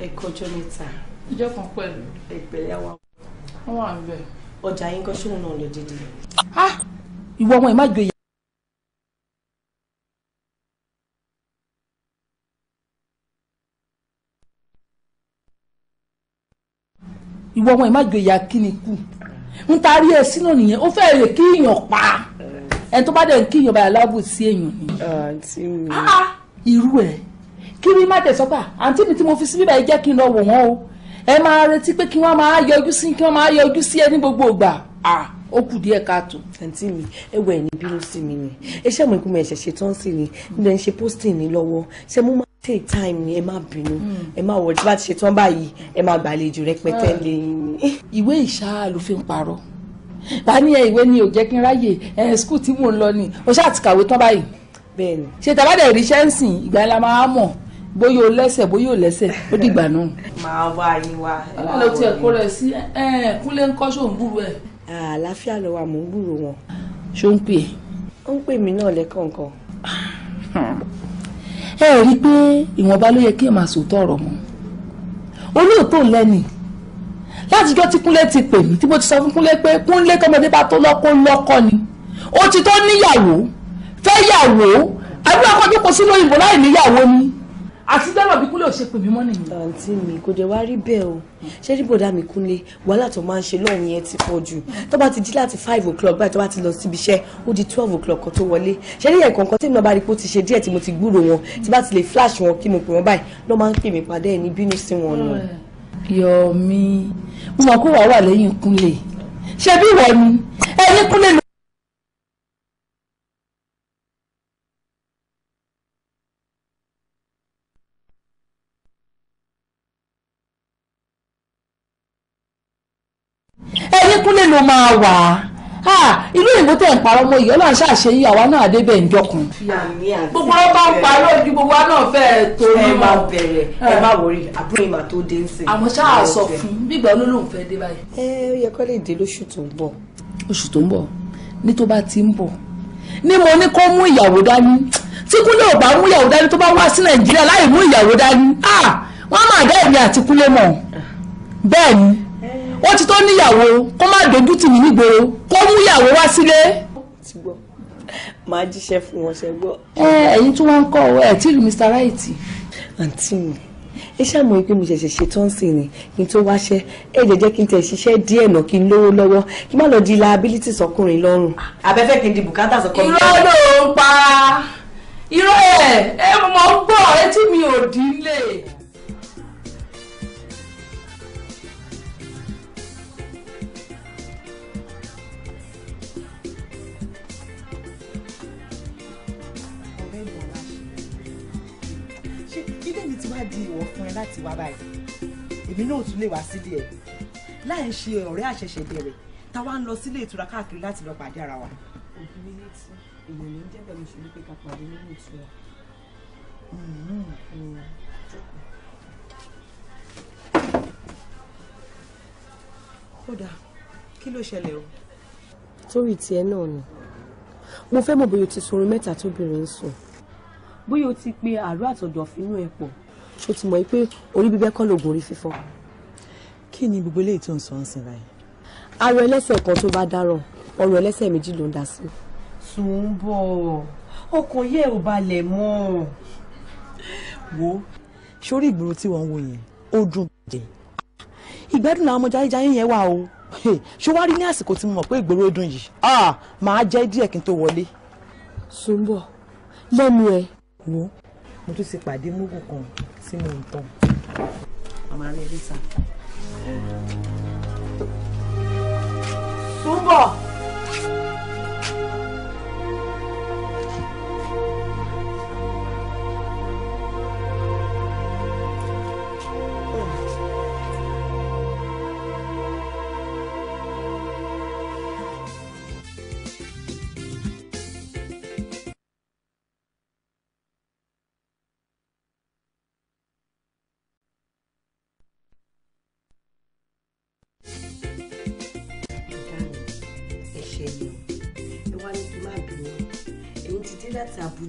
ẹ̀kọ́jọ́ mẹ́ta. ìjọ kan pẹ̀lú. ìpẹ̀lẹ́ wa. wọ́n wà ń bẹ̀. ọjà yín kan ṣóun náà lọ dídì. Ah! ìwọ ọmọ ẹ má gbé ìwọ ọmọ ẹ má gbé ìyá kí ni kú ń tarí ẹ sínú nìyẹn ó fẹ́ẹ́ lè kíyàn pa ẹni tó bá dẹ̀ kíyàn báyà lábùsí èèyàn ni. Ah! Ah! irú ẹ̀ kí wí má tẹ̀sọ́ pà àǹtí mi tí mo fi sí bíbá yìí jẹ́ kí n lọ wò wọ́n o ẹ máa retí pé kí wọ́n máa yọjú sí kí wọ́n máa yọjú sí ẹ ní gbogbo ìgbà ó kù díẹ̀ káàtó. àǹtí mi ẹ wọ ẹ̀yìn bínú sí mi ni ẹ ṣe àmọ́ ìkúmọ̀ ẹ̀ṣẹ̀ṣẹ̀ tó ń ni nílẹ̀ ń ṣe posting ní lọ́wọ́ ṣe mú máa take time ni ẹ má bínú hmm. ẹ má wọ̀ tí bá ti ṣe tán báyìí ẹ má gbàlejò rẹpẹtẹ hmm. lẹ́yìn ni. ìwé ìṣáà ló fi ń parọ́ bá ẹ ìwé ni ò jẹ́ kí n ráyè ẹ skul tí mò ń lọ ni ó ṣáà ti kàwé tán báyìí. bẹ́ẹ̀ni ṣe tàbádẹ́ ìríṣẹ́ ń sìn ìgbà máa mọ̀ bóyá o lẹ́sẹ̀ bóyá o lẹ́sẹ̀ ó dìgbà náà. màá wá yín wá. ló tiẹ̀ kó rẹ̀ sí kúnlé ń kọ́ ṣòun gbúrú ẹ̀. àlàáfíà ló wà mò ń gbúrú wọn. ṣó ń pè é. ó ń pè mí náà lẹ́kọ̀ọ̀kan. ẹ rí i pé ìwọ̀nba ló yẹ kí ẹ máa sòótọ́ ọ̀rọ̀ mọ́ olóòótọ́ lẹ́nìí látijọ́ tí kúnlé ti pè mí tí mo ti sọ fún kúnlé pé kúnlé kọ́mọdé bá tó lọ́kọ́ lọ́kọ́ ni ó ti tó níyàwó fẹ́ yàwó àbúrò akọ́jú kò sínú òyìnbó láì níyàwó ni àti dọ́là bí kúnlẹ̀ ò ṣe pè mí mọ́ nìyẹn. àǹtí mi kò dé wá rí bẹ́ẹ̀ o ṣé rí bọ̀dá mi kúnlẹ̀ wàhálà tó máa ń ṣe lọ́hùn yẹn ti pọ̀ jù tó bá ti jí láti five o'clock báyìí tó bá ti lọ síbi iṣẹ́ ó di twelve o'clock kan tó wọlé ṣé rí ẹ̀kọ́ kan tí mo bá rí pé ó ti ṣe díẹ̀ tí mo ti gbúrò wọn tí bá ti lè flash wọn kí mo pè wọn báyìí lọ́ máa ń pè mí padà ẹ̀ bínú sí wọn nù. yọ̀ọ́mí mo mọ̀ kó wàá wà lẹ́yìn kúnlẹ̀ ṣebí ló máa wà á ìlú òyìnbó tẹ̀ ń parọ́ mọ́ ìyọ́lá ṣàṣe yìí àwa náà débẹ̀ ń jọkun. gbogbo wọn bá ń parọ́ ju gbogbo wa náà fẹ́ torí wọn. ẹ máa bẹ̀rẹ̀ ẹ máa wọrí àbúrò ìmà tó dé ń sìn. àwọn ṣáà sọ fún gbígbà olólùfẹ́ fẹ́ dé báyìí. ẹ ó yẹ kó lè dé lóṣù tó ń bọ̀. oṣù tó ń bọ̀ ní tó bá ti ń bọ̀ ni mo ní kó mú ìyàwó dání tí kúnlẹ̀ ò bá mú ìyàwó dání tó bá wá sí nàìjíríà láì mú ìyàwó dání wọ́n máa dá èmi àti kúnlẹ̀ mọ̀ bẹ́ẹ̀ ni ó ti tó níyàwó kó má dojú tì mí nígboro kó mú ìyàwó wá sílé. màá jíṣẹ́ fún wọn ṣe gbọ́. ẹ ẹ̀yin tí wọ́n ń kọ́ ẹ tí ìlú Mr. Right. àǹtí mi ẹ ṣàmọ̀ pé mo ṣẹ̀ṣẹ̀ ṣe tán sí ni kí n tó wáṣẹ́ ẹ jẹ́jẹ́ kí n tẹ̀ ṣiṣẹ́ díẹ̀ náà kí n lówó lọ́wọ́ kí n má lọ di liability sọkùnrin lọ́rùn. abẹ́fẹ́ kí n di bùkátà sọkùnrin. irọ́ ló ń pa irọ́ ẹ̀ ẹ mọ̀ ń gbọ́ etí mi ò dín lè. di ìwọ̀ fún ẹ láti wá báyìí èmi náà tún lè wá sílé ẹ láì ṣe ọ̀rẹ́ àṣẹ̀ṣẹ̀ bẹ̀rẹ̀ tá a wá ń lọ sílé ìtura káàkiri láti lọ pàdé ara wa. òbí mi ní tí èèyàn ní jẹ́ bẹ̀rù ṣe wípé ká pàdé nínú ìtura. kódà mm-hmm. mm-hmm. kí ló ṣẹlẹ̀ o. torí tiẹ̀ náà ni mo fẹ́ mọ̀ bóyá o ti sunrun mẹ́ta tóbìnrin ń sùn bóyá o ti pe àrò àtọ̀dọ̀ fínú ẹ̀ pọ̀ ṣó ti mọ̀ pé orí bíbẹ́ kọ́ lóògùn orí fífọ́. kí ni gbogbo eléyìí tó ń sọ ń sìn báyìí. arọ ẹlẹ́sẹ̀ kan tó bá dárọ̀ ọrọ̀ ẹlẹ́sẹ̀ méjì ló ń dá sí. Sùnbọ̀ ọkàn yẹ ò balẹ̀ mọ́. wo sórí ìgboro tí wọ́n ń wo yẹn ó dùn jẹ ìgbádùn làwọn ọmọ jayéjayé yẹn wà o ṣó wá rí ní àsìkò tí mo mọ̀ pé ìgboro dùn yìí màá jẹ́ díẹ̀ kí n tó wọlé. Sùnbọ̀ lẹ́nu ẹ̀. wo mo tún ti pàdé mugun kan tí mò ń tàn. màmá rẹ̀ rí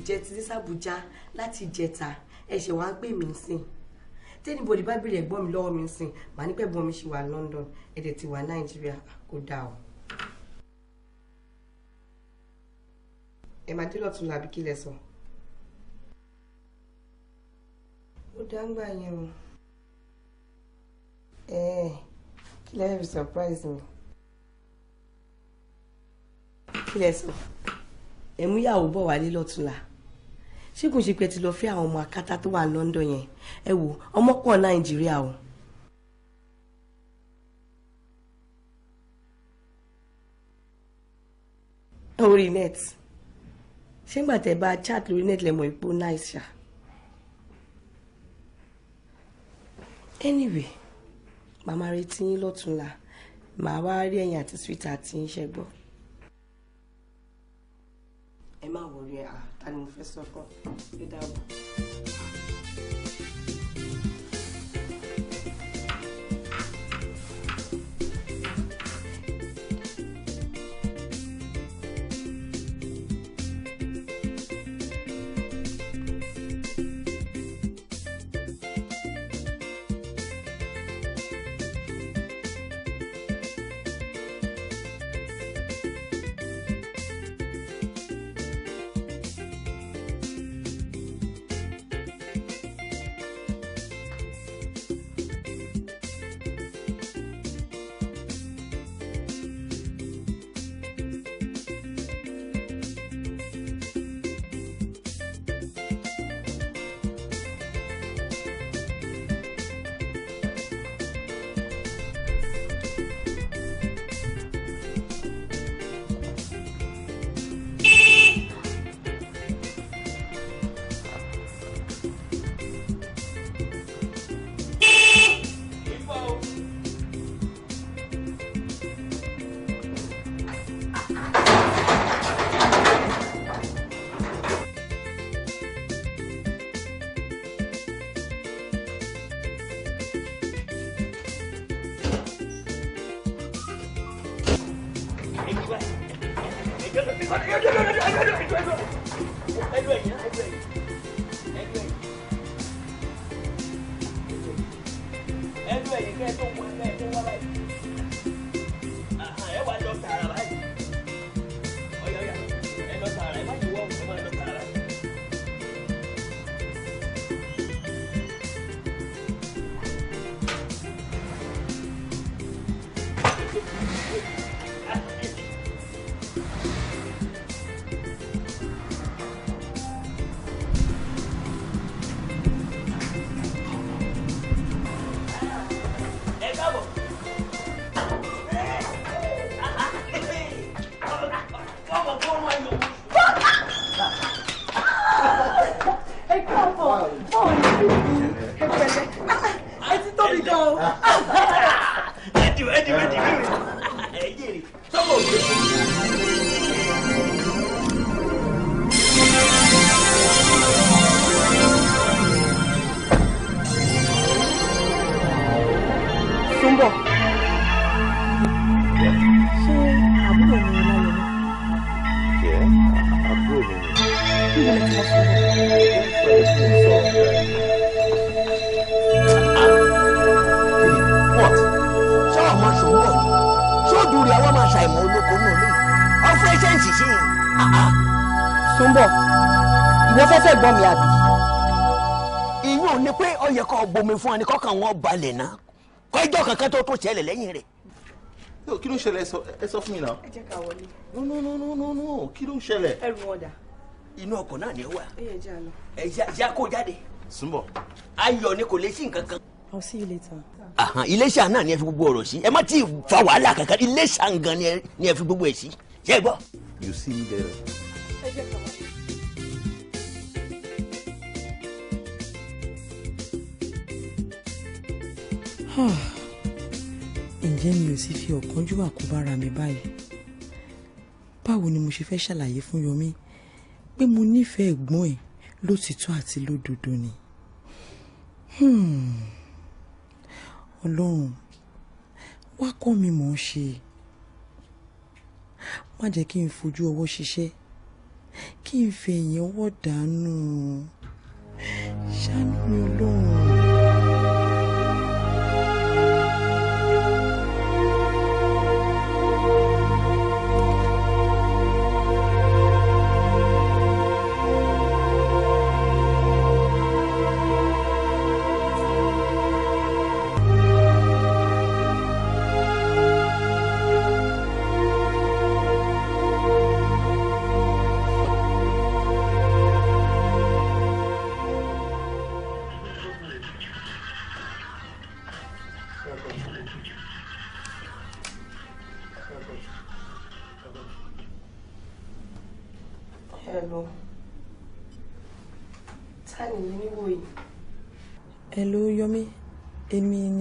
jẹ ti sísàbújá láti ìjẹta ẹ̀ṣẹ̀ wàá gbé mi sìn tẹ́nibọ̀dì bá bèrè ẹ̀gbọ́n mi lọ́wọ́ mi sìn màá ní pẹ́ bọ́n mi ṣì wà London ẹ̀dẹ̀ ti wà Nàìjíríà kò dáa o. ẹ máa dé lọ́tún làbí kí lẹ sọ. ó dáńgbà yẹn o. ẹ ẹ kí lẹ fi surprise mi. kí lẹ sọ ẹ mú ìyàwó bọ̀ wálé lọ́tún la ṣé kò ṣe pé ti lọ fẹ́ àwọn ọmọ akátá tó wà London yẹn ẹ wò ọmọ pọ̀ Nàìjíríà o. orí net ṣé ńgbà tẹ́ bá chat lórí net lẹ́mọ̀ ipò nice ṣá. anyway màmá retí yín lọ́túnla màá wá rí ẹ̀yìn àti sweet àti ń ṣẹ́gbọ́n. ta ni mo fẹ́ sọ fún omi fún wa ni wọn balẹ̀ náà kọjọ́ kankan tó tún ṣẹlẹ̀ lẹ́yìn rẹ̀. kí ló ṣẹlẹ̀ ẹ sọ fún mi náà. ẹ jẹ́ ká wọlé. no no no no no no kí ló ṣẹlẹ̀. ẹrù ọ̀dà. inú ọkọ̀ náà ni ẹ wà. ẹ jẹ́ àná. ẹ jẹ́ kó jáde. súnbọ̀. ayọ̀ ni kò lè sí nǹkan kan. I'll see you later. iléṣà náà ni ẹ fi gbogbo ọ̀rọ̀ sí ẹ má tí ì fa wàhálà kankan iléṣà gan ni ẹ fi gbogbo ẹ̀ sí. ṣé ẹ gbọ́. you see me there. ẹ jẹ́ ká wọlé. ǹjẹ́ mi ò sì fi ọ̀kánjú àkóbára mi báyìí báwo ni mo ṣe fẹ́ ṣàlàyé fún Yomi pé mo nífẹ̀ẹ́ ẹ̀gbọ́n ẹ̀ lótìtọ́ àti lódodo ni hmm. ọlọ́run wá kọ́ mi mọ̀ ọ́n ṣe má jẹ́ kí n fojú ọwọ́ ṣiṣẹ́ kí n fẹ̀yìn ọwọ́ dànù ṣàánú mi ọlọ́run.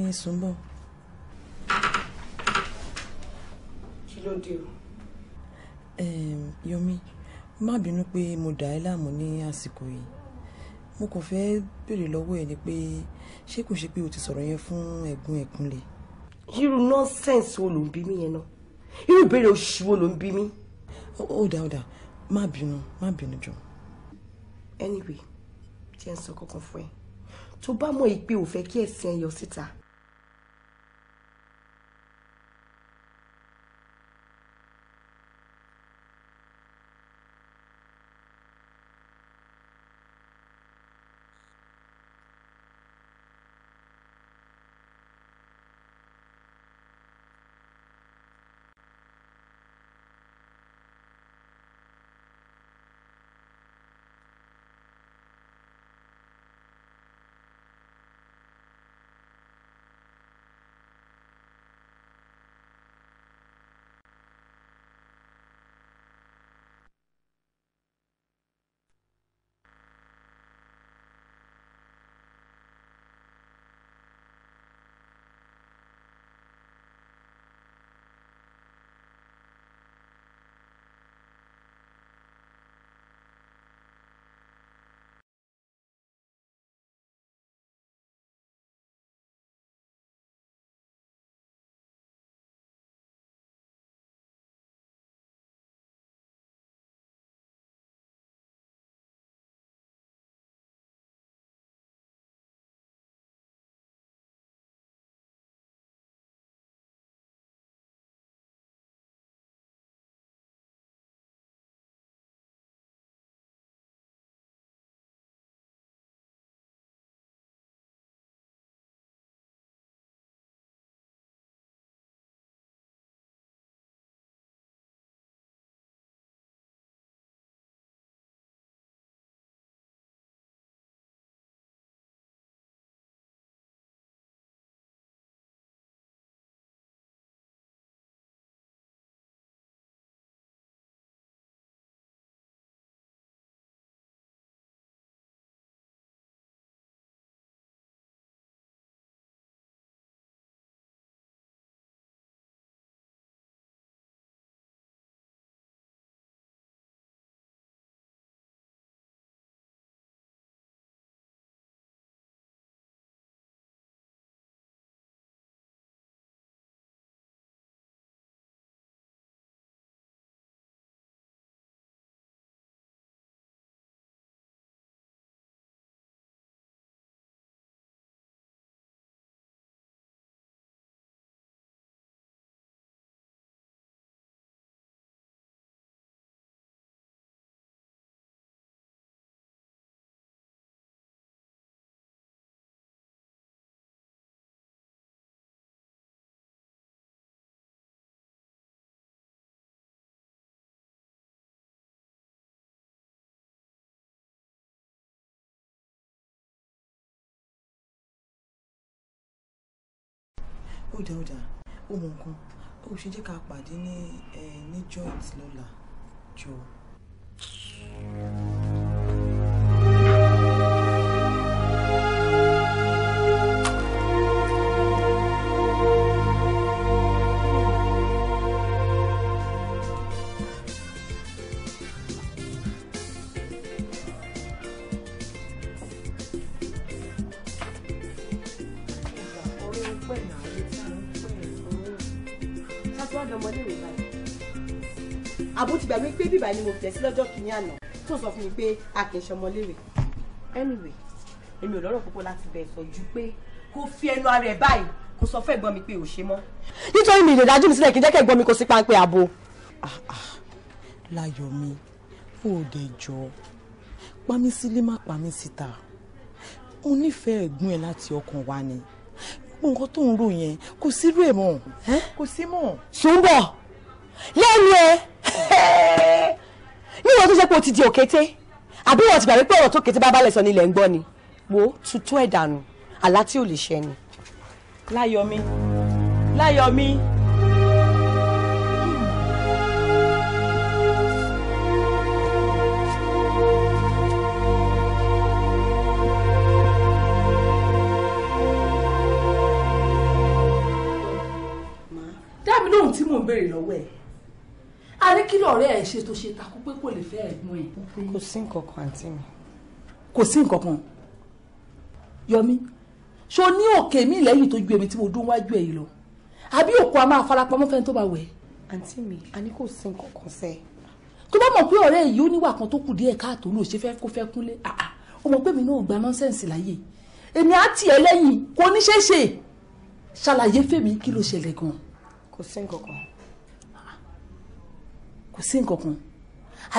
yín sùn bọ̀. kí ló dé o. Yomi má bínú pé mo dà ẹ́ láàmú ní àsìkò yìí mo kàn fẹ́ béèrè lọ́wọ́ ẹ̀ ni pé ṣé kò ṣe pé o ti sọ̀rọ̀ yẹn fún ẹ̀gbọ́n ẹ̀kúnlé. irú nọ́ńsẹ̀nsì wo ló ń bí mi yẹn náà irú ìbéèrè oṣù wo ló ń bí mi. ó dà ó dà má bínú má bínú jọ. anyway jẹ́ ń sọ kankan fún ẹ tó bá mọ̀ ìpè ò fẹ́ kí ẹ̀sìn ẹ yọ síta ó dá O dá ó mọ nǹkan ó ṣe jẹ́ ká pàdé ní eh, ní joint lọ́la jọ. báyìí ni mo tẹ̀ sí lọ́jọ́ kìíní àná tó sọ fún mi pé a kì í ṣọmọléèwé anyway èmi ò lọ́rọ̀ púpọ̀ láti bẹ̀ sọ ju pé kó fi ẹnu ara ẹ̀ báyìí kó sọ fẹ́ gbọ́n mi pé ò ṣe mọ́. nítorí mi ìdèdájú mi sílẹ̀ kí n jẹ́ kẹ́ gbọ́n mi kó sí páńpẹ́ ààbò. Ah, ah, láyọ̀ mi fún òde jọ pa mí sílé má pa mí síta mo nífẹ̀ẹ́ ẹ̀gbọ́n ẹ láti ọkàn wa ni gbogbo nǹkan tó ń rò yẹn kò sí rú ẹ̀ mọ́. kò sí mọ́. sùn lẹ́nu ẹ̀ níwọ̀n tó ṣe pé o ti di òkété àbí wọ́n ti gbà wípé ọ̀rọ̀ tó kété bá balẹ̀ sọ nílẹ̀ ń gbọ́ ni wo tutù ẹ̀ dànù àlá tí ò lè ṣẹ ni. láyọ̀mí láyọ̀mí. dáàmì lóhùn tí mò ń béèrè lọ́wọ́ ẹ̀ arékìlọ̀ ọ̀rẹ́ ẹ̀ ṣe tó ṣe takú pé kò lè fẹ́ ẹ̀gbọ́n ẹ̀. kò sí nǹkan kan àǹtí mi. kò sí nǹkan kan yọmí ṣo ní òkè mi lẹ́yìn tó ju èmi tí mo dún wájú ẹ̀ yìí lọ àbí òkú a máa farapamọ́ fẹ́ni tó bá wẹ̀. àǹtí mi a ní kò sí nǹkan kan sẹ́ẹ̀. tó bá mọ̀ pé ọ̀rẹ́ yìí ó níwà kan tó kù díẹ̀ káàtó ló ṣe fẹ́ kó fẹ́ kúnlé àà ó mọ̀ pé mi náà gba nọ́ńsẹ̀nsì láyè èmi á tiẹ̀ lẹ́yìn kò ní ṣàlàyé fèmí kí ló ṣẹlẹ̀ gan-an. kò sí nǹkan kan kò sí nǹkan kan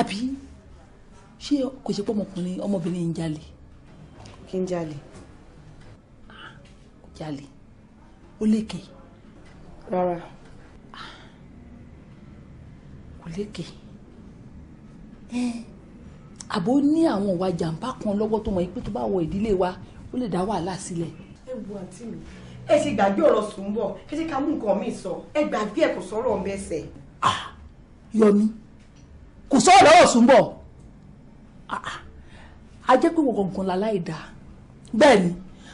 àbí ṣé kò ṣe pé ọmọkùnrin ọmọbìnrin ń jalè. kí n jalè. kò jalè ó lékè. rárá. kò lékè. àbó ní àwọn ìwà jàǹbá kan lọ́wọ́ tó mọ̀ pé tó bá wọ ìdílé wa ó lè dá wàhálà sílẹ̀. ẹ wo àǹtí mi ẹ ṣe gbàgbé ọ̀rọ̀ sùn bọ̀ ẹ ṣe ká mú nǹkan mi sọ ẹ gbàgbé ẹ kò sọ̀rọ̀ ọ̀bẹ ẹsẹ̀. Ah! yọmí kò sọ ọ̀rọ̀ ọ̀sùn bọ̀ ah, ah. a jẹ́ pé wọ̀n kan láláì dáa bẹ́ẹ̀ ni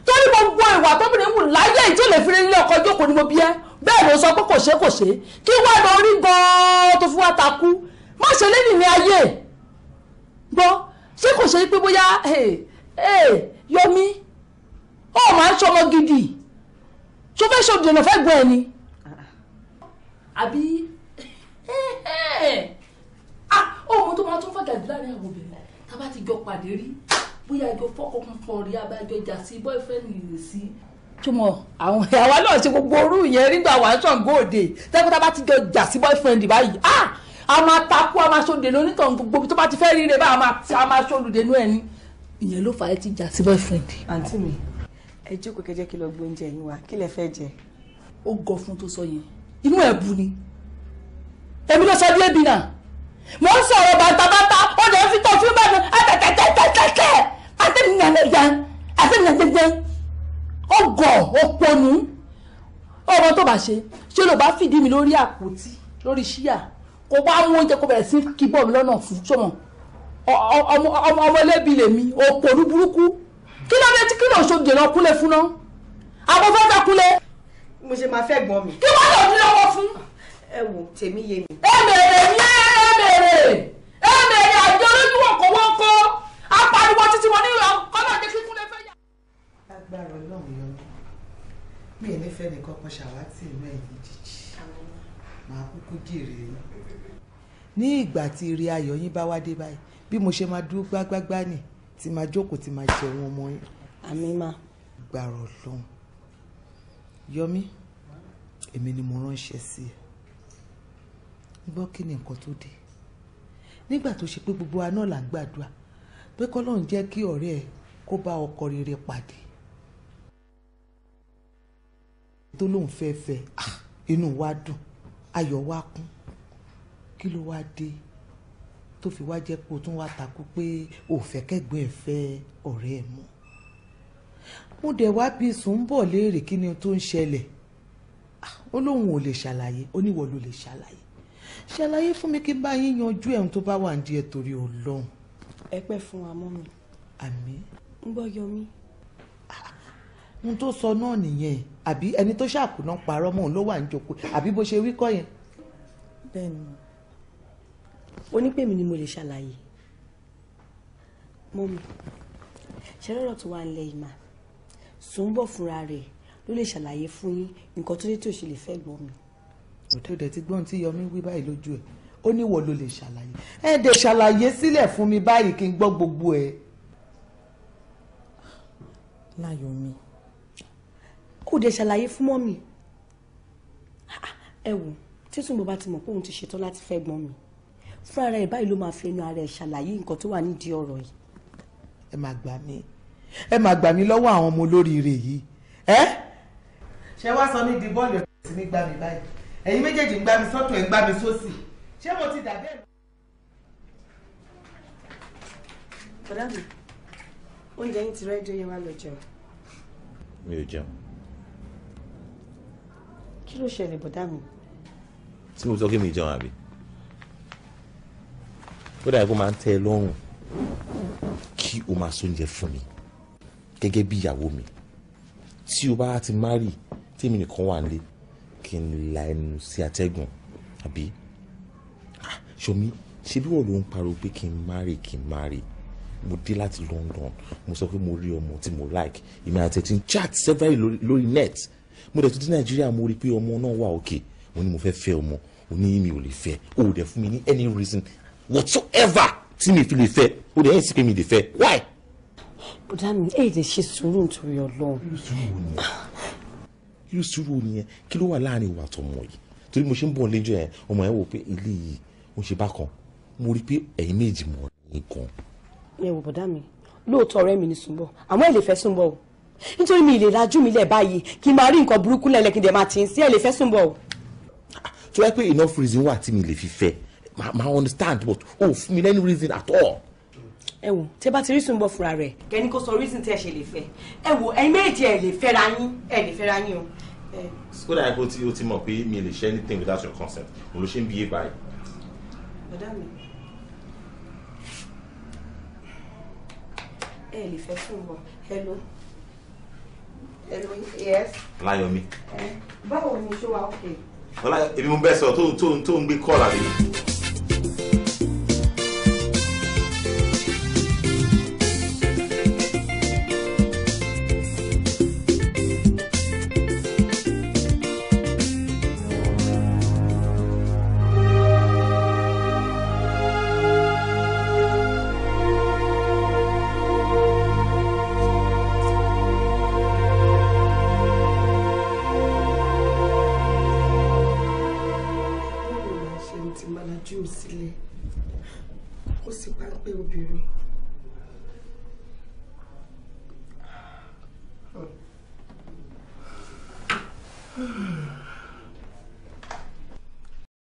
torí gbogbo ìwà tóbìnrin wù láyé tí ò lè fi rí ilé ọkọ jókòó ni mo bí ẹ bẹ́ẹ̀ ló sọ pé kò ṣe kò ṣe kí wọ́n lọ rí gan-an tó fi wá takú má ṣe lẹ́yìn ní ayé gbọ́ ṣé kò ṣe pé bóyá yọmí ó máa ń ṣọmọ gidi tó fẹ́ ṣòdìdìnà fẹ́ gbọ́n ni. Ah, àbí ọmọ tó máa tún fàgà jù láàrin àwọn obìnrin tá a bá ti jọ pàdé rí bóyá ẹjọ fọkàn kan rí abájọ ìjà sí boyfriend rẹ sí túmọ̀ àwọn àwa náà ṣe gbogbo orú yẹn nígbà wà sàn góòdè tẹ́kọ̀tà bá ti jọ jà sí boyfriend báyìí ah a máa takú a máa ṣòdè lónítàn gbogbo tó bá ti fẹ́ rí rẹ báyìí a máa ṣòlùdè nú ẹni ìyẹn ló fà á ti jà sí boyfriend. àǹtí mi ẹ jókòó kẹjẹ kí lọ gbóúnjẹ yín wá kí lẹ fẹ́ jẹ. ó gọ fún tó sọ yẹn inú ẹ bu ni èmi ló sọ bí ebi náà mò ń sọ̀rọ̀ bàtàbàtà ó lè fi tọ́ fún bàtà àtẹ̀tẹ̀tẹ̀tẹ̀tẹ̀ àtẹ̀nìyànlẹ̀yà àtẹ̀nìyànjẹ̀jẹ̀ ọgọ̀ òpònú ọmọ tó bá ṣe ṣé ló bá fìdí mi lórí àpótí lórí ṣíà kó bá mú oúnjẹ kó bẹ̀rẹ̀ sí kíbọ̀ mi lọ́nà fún sọmọ ọmọ ẹlẹ́bi lèmi òpònú burúkú kí ló dé tí kí ló ṣoge lọ kúnlẹ̀ fún náà àbọ̀fẹ́ fẹ́ kúnlẹ̀. mo ṣe máa fẹ́ gbọ́n mi. kí wọ́n lọ ẹ wò tèmi yé mi. ẹ bèrè ní ẹ bèrè ẹ bèrè àjọ olójú wọ̀nkọ̀wọ́nkọ apariwo títí wọn ní ọkọlọ ní kíkún lè fẹ́ yà. agbára ọlọ́run yọ mí ẹ̀ nífẹ̀ẹ́ nìkan kan ṣàwátì inú ẹ̀yìn jíjì màá kúkú jèrè yín. ní ìgbà tí ire ayọ̀ yín bá wá dé báyìí bí mo ṣe máa dúró gbágbágbá nì tí máa jókòó tí máa jẹun ọmọ yín. àmì máa. gbàrọ̀ lọ́hùn yọmí èmi ni mo ránṣẹ́ sí ẹ gbọ́ kí ni nǹkan tó dé nígbà tó ṣe pé gbogbo wa náà là ń gbàdúrà pé kọ́lọ́run jẹ́ kí ọ̀rẹ́ ẹ kó bá ọkọ rere pàdé tó lóun fẹ́ fẹ́ inú wa dùn ayọ̀ wa kún kí ló wá dé tó fi wá jẹ́ pé o tún wá takú pé o fẹ́ kẹ́gbẹ́ ẹ̀ fẹ́ ọ̀rẹ́ ẹ̀ mọ́ mo dẹ̀ wá bí sùn ń bọ̀ léèrè kí ni tó ń ṣẹlẹ̀ ó lóun ò lè ṣàlàyé ó níwọ̀ ló lè ṣàlàyé ṣàlàyé fún mi kí n bá yín yanjú ẹ̀hún tó bá wà ní díẹ̀ torí ọlọ́run. ẹ pẹ́ fún wa mọ́ mi. àmì. ń gbọ́ yọmí. ohun tó sọ náà nìyẹn àbí ẹni tó ṣàkùnà parọ́ mọ́ òun ló wà níjókòó àbí bó ṣe wí kọ́ yẹn. bẹ́ẹ̀ni o ni mo lè ṣàlàyé mọ́ mi ṣe tó wà ń lẹ́yìn sùn bọ̀ fúnra rẹ̀ ló lè ṣàlàyé fún yín nǹkan tó dé tí ò ṣe lè fẹ́ gbọ́ mi tó dẹ̀ ti gbọ́n tí Yọmí wí báyìí lójú ẹ̀ ó ní wo? ló lè ṣàlàyé ẹ dẹ̀ ṣàlàyé sílẹ̀ fún mi báyìí kí n gbọ́ gbogbo ẹ̀. láyọ̀ mi kò dẹ̀ ṣàlàyé fún mọ́ mi ah, ẹ wò títún bó bá ti mọ̀ pé òun ti ṣetán láti fẹ́ gbọ́n mi fúnra rẹ̀ báyìí ló máa fi ẹnu ara ẹ̀ ṣàlàyé nǹkan tó wà nídìí ọ̀rọ̀ yìí. ẹ máa gbà mí ẹ máa gbà mí lọ́wọ́ àwọn ọmọ olóríire yìí ẹ. ṣé wàá sọ ní di bọ́ọ̀lù ẹ̀ sí ní gbà mí báyìí ẹ̀yin méjèèjì ń gbá mi sọ́tún ẹ̀ ń gbá mi sósì ṣé mo ti dà bẹ́ẹ̀. bọ̀dá mi oúnjẹ yín ti rẹ́dí oyè wa lọ jẹun. mi ò jẹun. kí ló ṣẹlẹ̀ bọ̀dá mi. tí mo sọ kí mi jẹun àbí ó dàbí kó máa ń tẹ́ ẹ lọ́rùn kí o máa sóúnjẹ fún mi gẹ́gẹ́ bí ìyàwó mi tí o bá ti má rí tèmi nìkan wà nílé kí n la ẹnu sí atẹ́gùn àbí ah, ṣomi ṣe bí wọ́n ló ń pariwo pé kí n marry kí n marry mo dé láti London mo sọ pé mo rí ọmọ tí mo like èmi àti ẹ̀ chat several lórí net mo dẹ̀ tún dé Nàìjíríà mo rí i pé ọmọ náà wà òkè mo ní mo fẹ́ fẹ́ ọmọ o ní mi ò lè fẹ́ o dẹ̀ fún mi ní any reason whatsoever tí mi fi lè fẹ́ o dẹ̀ yẹn sì pé mi lè fẹ́ why. bùdá mi èyí lè ṣe sùúrù nítorí Ọlọ́run. sùúrù ni irú sùúrù nìyẹn kí ló wà láàrin ìwà àtọmọ yìí torí mo ṣe ń bọ̀ lẹ́jọ́ yẹn ọmọ yẹn wò pé ilé yìí ó ṣe bákan mo rí i pé ẹ̀yin méjì mọ̀ ní gan. ẹ wò bọ̀dá mi lóòótọ́ ọ̀rẹ́ mi ní Sùnbọ̀ àmọ́ ẹ lè fẹ́ Sùnbọ̀ o nítorí mi ì lajú mi lẹ̀ báyìí kí n máa rí nǹkan burúkú lẹ́lẹ̀ máa tì í sí ẹ lè fẹ́ Sùnbọ̀ o. tó yẹ pé enough reason wà tí mi lè fi fẹ́ máa understand but o fún mi lẹ́nu reason at all ẹ wò tẹ bá ti reason bọ fúnra rẹ. kẹ́ni kò sọ reason tẹ́ ẹ ṣe lè fẹ́ ẹ wò ẹ̀yin méjì ẹ lè fẹ́ra yín ẹ lè fẹ́ra yín o. skoda ẹ̀kọ́ tí o ti mọ̀ pé mi lè ṣe anything without your consent mo ló ṣe ń bíyè báyìí. ọ̀dà mi ẹ lè fẹ́ fún un hello hello yes. láyọ̀mí. báwo ni ṣé wàá kè. ọlá èmi mo bẹ sọ tó tó tó ń gbé kọ́ọ̀lù àbí.